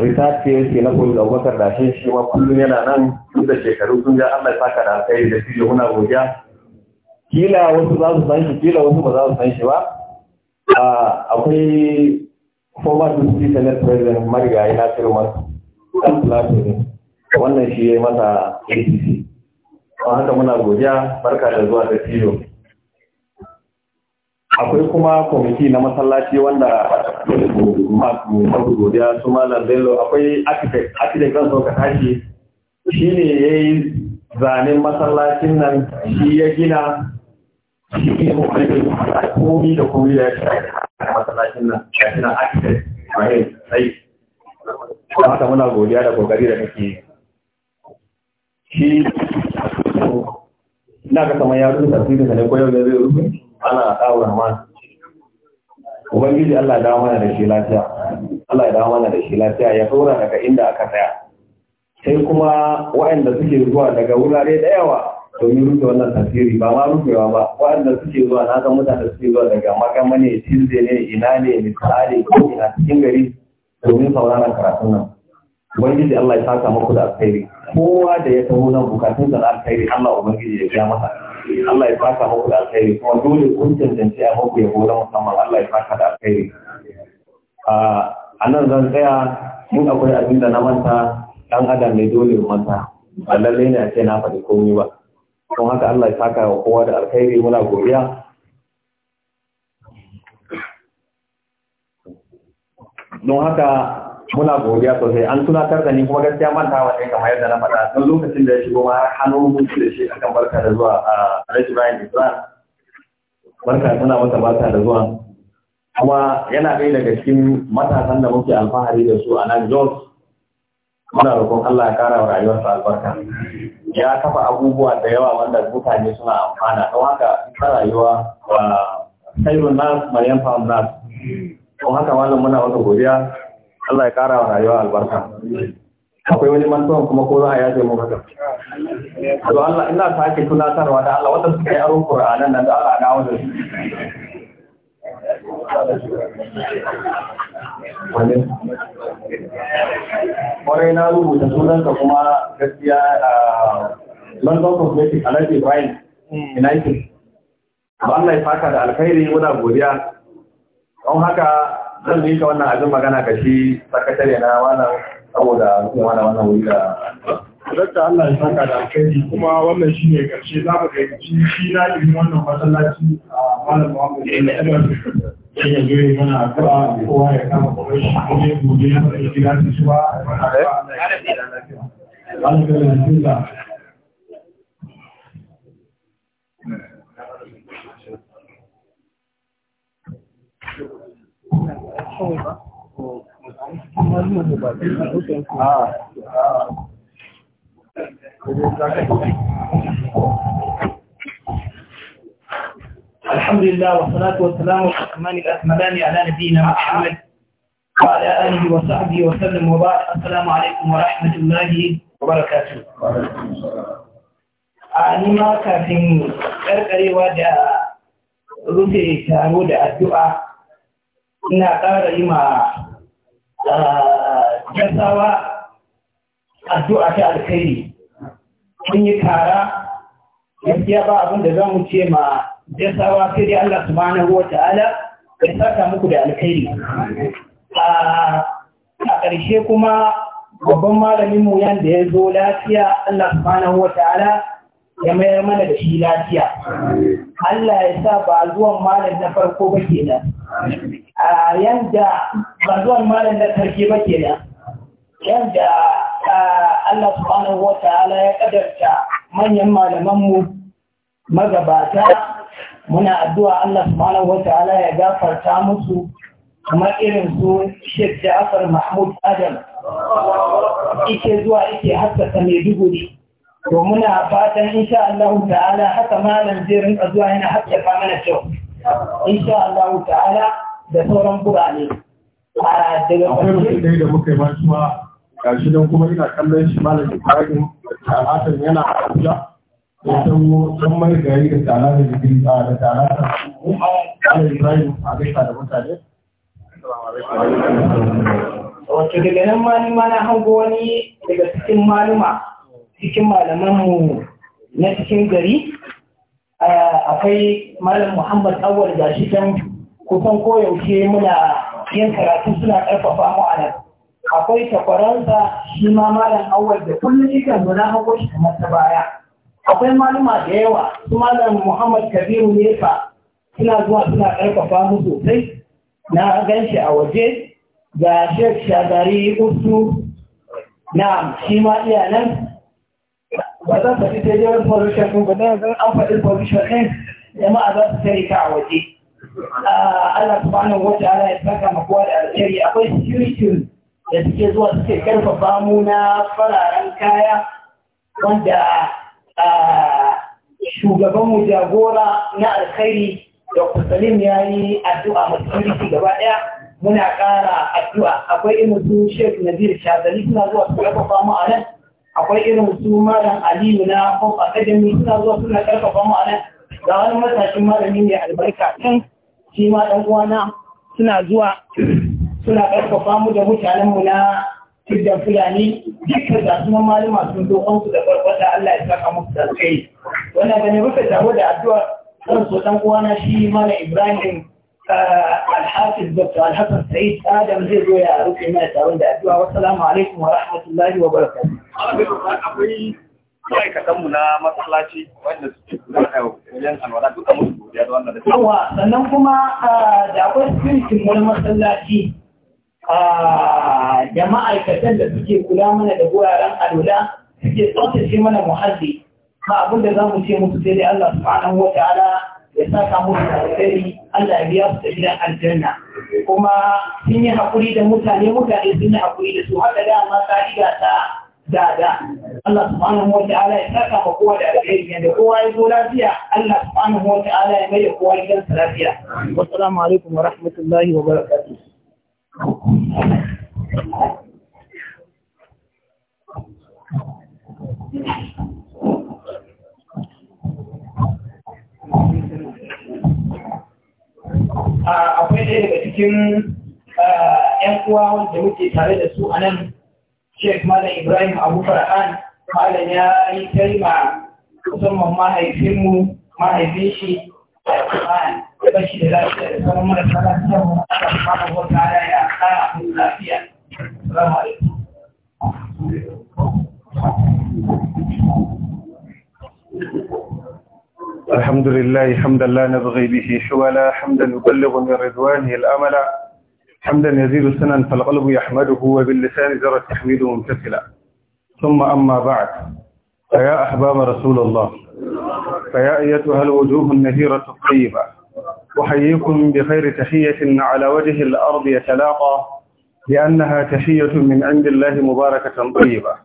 rita ke na koyi abubakar da shi shi ma kullum yana nan tun da shekaru sun ja allah ya saka da alkhairi da shi muna godiya kila wasu za su san shi kila wasu ba za su san shi ba akwai former deputy senate president ya na tirman dan plato wannan shi ya masa acc ba haka muna godiya barka da zuwa da tiyo akwai kuma kwamiti na masallaci wanda masu sabu godiya su malam bello akwai architect architect kan sauka tashi shi ne ya yi zanen masallacin nan shi ya gina shi ne da komi da komi da ya shi a masallacin nan shi na akidai mai tsayi haka muna godiya da kokari da kake shi ina ko da ana ta'awar ya da shi lafiya ya mana da shi lafiya ya saura daga inda aka tsaya sai kuma waɗanda suke zuwa daga wurare da yawa domin rufe wannan tasiri ba ma rufewa ba waɗanda suke zuwa na san mutane suke zuwa daga makama ne tilde ne ina ne misali ko ina cikin gari domin sauraron karatun nan ubangiji Allah ya saka muku da alkhairi kowa da ya taho nan bukatun da na alkhairi Allah ubangiji ya biya masa Allah ya saka muku da alkhairi kuma dole kun tantance a muku ya gora musamman Allah ya saka da alkhairi a nan zan tsaya in akwai abin da na manta dan adam ne dole manta ba lallai ne a ce na faɗi komai ba don haka Allah ya saka wa kowa da alkhairi muna godiya don haka muna godiya sosai an tunatar da ni kuma gaskiya wa ne kamar yadda na faɗa don lokacin da ya shigo ma hannun mutu da shi akan barka da zuwa a Alhaji Brian Islam barka muna masa barka da zuwa kuma yana ɗaya daga cikin matasan da muke alfahari da su a nan Jos muna roƙon Allah ya ƙara wa rayuwarsa albarka ya kafa abubuwa da yawa wanda mutane suna amfana don haka ta rayuwa ba sairun na mayan fam nas don haka wannan muna wata godiya Allah ya kara wa rayuwa albarka akwai wani mantuwan kuma ko za a yaje mu haka to Allah ina sake tunatarwa da Allah wanda suka yi aron Qur'anan nan da Allah na wanda kwarai na rubuta sunanka kuma gaskiya a london cosmetic alhaji brian hmm. united ba Allah ya faka da alkhairi muna godiya don haka zan yi ka wannan abin magana ga shi sakatare na wannan saboda kuma wannan wannan wuri da Dakta Allah ya saka da alkhairi kuma wannan shi ne ƙarshe za mu gaici shi na irin wannan masallaci a Malam Muhammad ya zo yi mana a da kowa ya kama ya gobe الحمد لله والصلاة والسلام الأكمان الأكملان على نبينا محمد وعلى آله وصحبه وسلم وبارك السلام عليكم ورحمة الله وبركاته ni ma kafin karkarewa da rufe taro da addu'a ina ƙara yi ma jasawa addu'a ta alkhairi kun yi tara gaskiya ba abin da za mu ce ma da sawa sai dai Allah subhanahu wata'ala ya saka muku da alkhairi a ƙarshe kuma babban malamin mu da ya zo lafiya Allah subhanahu wata'ala ya mayar mana da shi lafiya Allah ya sa ba zuwan malam na farko ba da a yanda ba zuwan malam na karshe ba ke da yanda Allah subhanahu wata'ala ya kadarta manyan malamanmu magabata muna addu'a Allah subhanahu wa ta'ala ya gafarta musu kamar irin su Sheikh Ja'far Mahmud Adam ike zuwa ike haskaka mai ne. to muna fatan insha Allah ta'ala haka malam zai rinka zuwa yana haskaka mana kyau insha Allah ta'ala da sauran burane a daga kwanci da muka yi ma shi don kuma ina kallon shi malam Ibrahim da yana Abuja ya tabo ɗan mai gari da tara da digiri a da tara da ala ibrahim a gaisa da mutane wato daga nan ma mana hango wani daga cikin maluma cikin malamanmu na cikin gari akwai malam muhammad awal gashi can kusan koyaushe muna yin karatu suna ƙarfafa mu a nan akwai takwaransa shi ma malam awal da kullum ikan zo na hango shi kamar ta baya akwai malama da yawa su malam muhammad kabiru fa suna zuwa suna karfafa mu sosai na ganshi a waje ga shek shagari usu na shi ma nan ba za ta fita jewar position ɗin ba zan an faɗi position ɗin jama'a za su tare ka a waje ah, Allah subhanahu wa ta'ala ya saka ma da alheri akwai security da suke zuwa suke karfafa mu na fararen kaya wanda shugaban mu jagora na alkhairi da Salim ya yi addu'a musulunci gaba ɗaya muna ƙara addu'a akwai irin su Sheikh Nazir Shazali suna zuwa su ƙarfafa mu anan akwai irin su Malam Aliyu na Pop Academy suna zuwa suna ƙarfafa mu anan ga wani matashin malami ne albarka ɗin shi ma ɗan uwana suna zuwa suna ƙarfafa mu da mutanenmu na da fulani dukkan da kuma malama sun zo kansu da barbata Allah ya saka musu da kai wannan gane muka taho da addu'a kan so dan uwana shi malam Ibrahim eh, Al-Hafiz Dr. Al-Hasan Said Adam zai zo ya rufe mana taron da addu'a wa assalamu alaikum wa rahmatullahi wa barakatuh akwai ma'aikatanmu na masallaci wanda suke kula da wajen alwala duka musu godiya da wannan da sannan kuma eh, da akwai spiritin wani masallaci eh, da ma'aikatan da suke kula mana da guraren alwala suke tsaftace mana muhalli ba abin da za mu ce musu sai dai Allah subhanahu wa ta'ala ya saka musu alheri Allah ya biya su da gidan aljanna kuma sun yi hakuri da mutane mutane sun yi hakuri da su haka da ma ka'ida ta dada Allah subhanahu wa ta'ala ya saka ma kowa da alheri da kowa ya zo lafiya Allah subhanahu wa ta'ala ya mai kowa gidan lafiya assalamu alaikum wa rahmatullahi wa barakatuh Thank you. akwai ɗaya daga cikin ‘yan uwa wanda muke tare da su a nan sheik malam ibrahim abu fara'an malam ya yi kalma musamman mahaifinmu mahaifin shi da bashi da lafiya da sauran marasa lafiya wata ya ƙara lafiya الحمد لله حمدا لا نبغي به حولا حمدا يبلغ من رضوانه الأمل حمدا يزيد سنا فالقلب يحمده وباللسان جرى التحميد ممتثلا ثم أما بعد فيا أحباب رسول الله فيا أيتها الوجوه النذيرة الطيبة أحييكم بخير تحية على وجه الأرض يتلاقى لأنها تحية من عند الله مباركة طيبة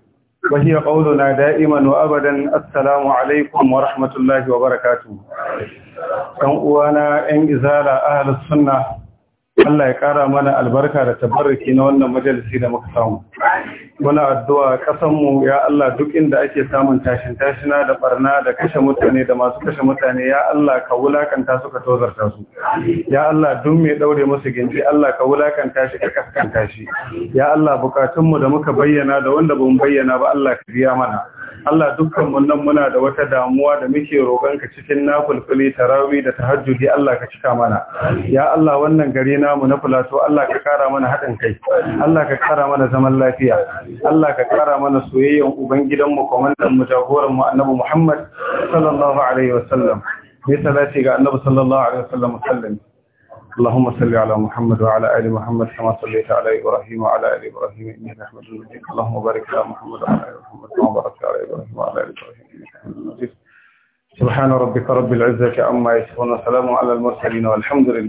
وهي قولنا دائما وأبدا السلام عليكم ورحمة الله وبركاته كان وانا إن إزالة أهل السنة Allah ya ƙara mana albarka da tabarraki na wannan majalisi da muka samu. muna addu'a ƙasanmu ya Allah duk inda ake samun tashin tashina da barna da kashe mutane da masu kashe mutane ya Allah ka wulakanta su ka tozarta su ya Allah duk mai daure musu gindi Allah ka wulakanta shi ka kaskanta shi ya Allah bukatunmu da muka bayyana da wanda bamu bayyana ba Allah ka biya mana Allah dukkan mun nan muna da wata damuwa da muke roƙon ka cikin nafulfuli tarawi da tahajjudi Allah ka cika mana ya Allah wannan gari namu na fulato Allah ka kara mana haɗin kai Allah ka kara mana zaman lafiya Allah ka kara mana soyayyen ubangidanmu kwamandan mu jagoran annabi Muhammad sallallahu alaihi wasallam ya salati ga annabi sallallahu alaihi wasallam sallam اللهم صل على محمد وعلى ال محمد كما صليت على ابراهيم وعلى ال ابراهيم انك حميد مجيد اللهم بارك على محمد وعلى ال محمد كما باركت على ابراهيم وعلى ال ابراهيم انك حميد مجيد سبحان ربك رب العزه عما يصفون وسلام على المرسلين والحمد لله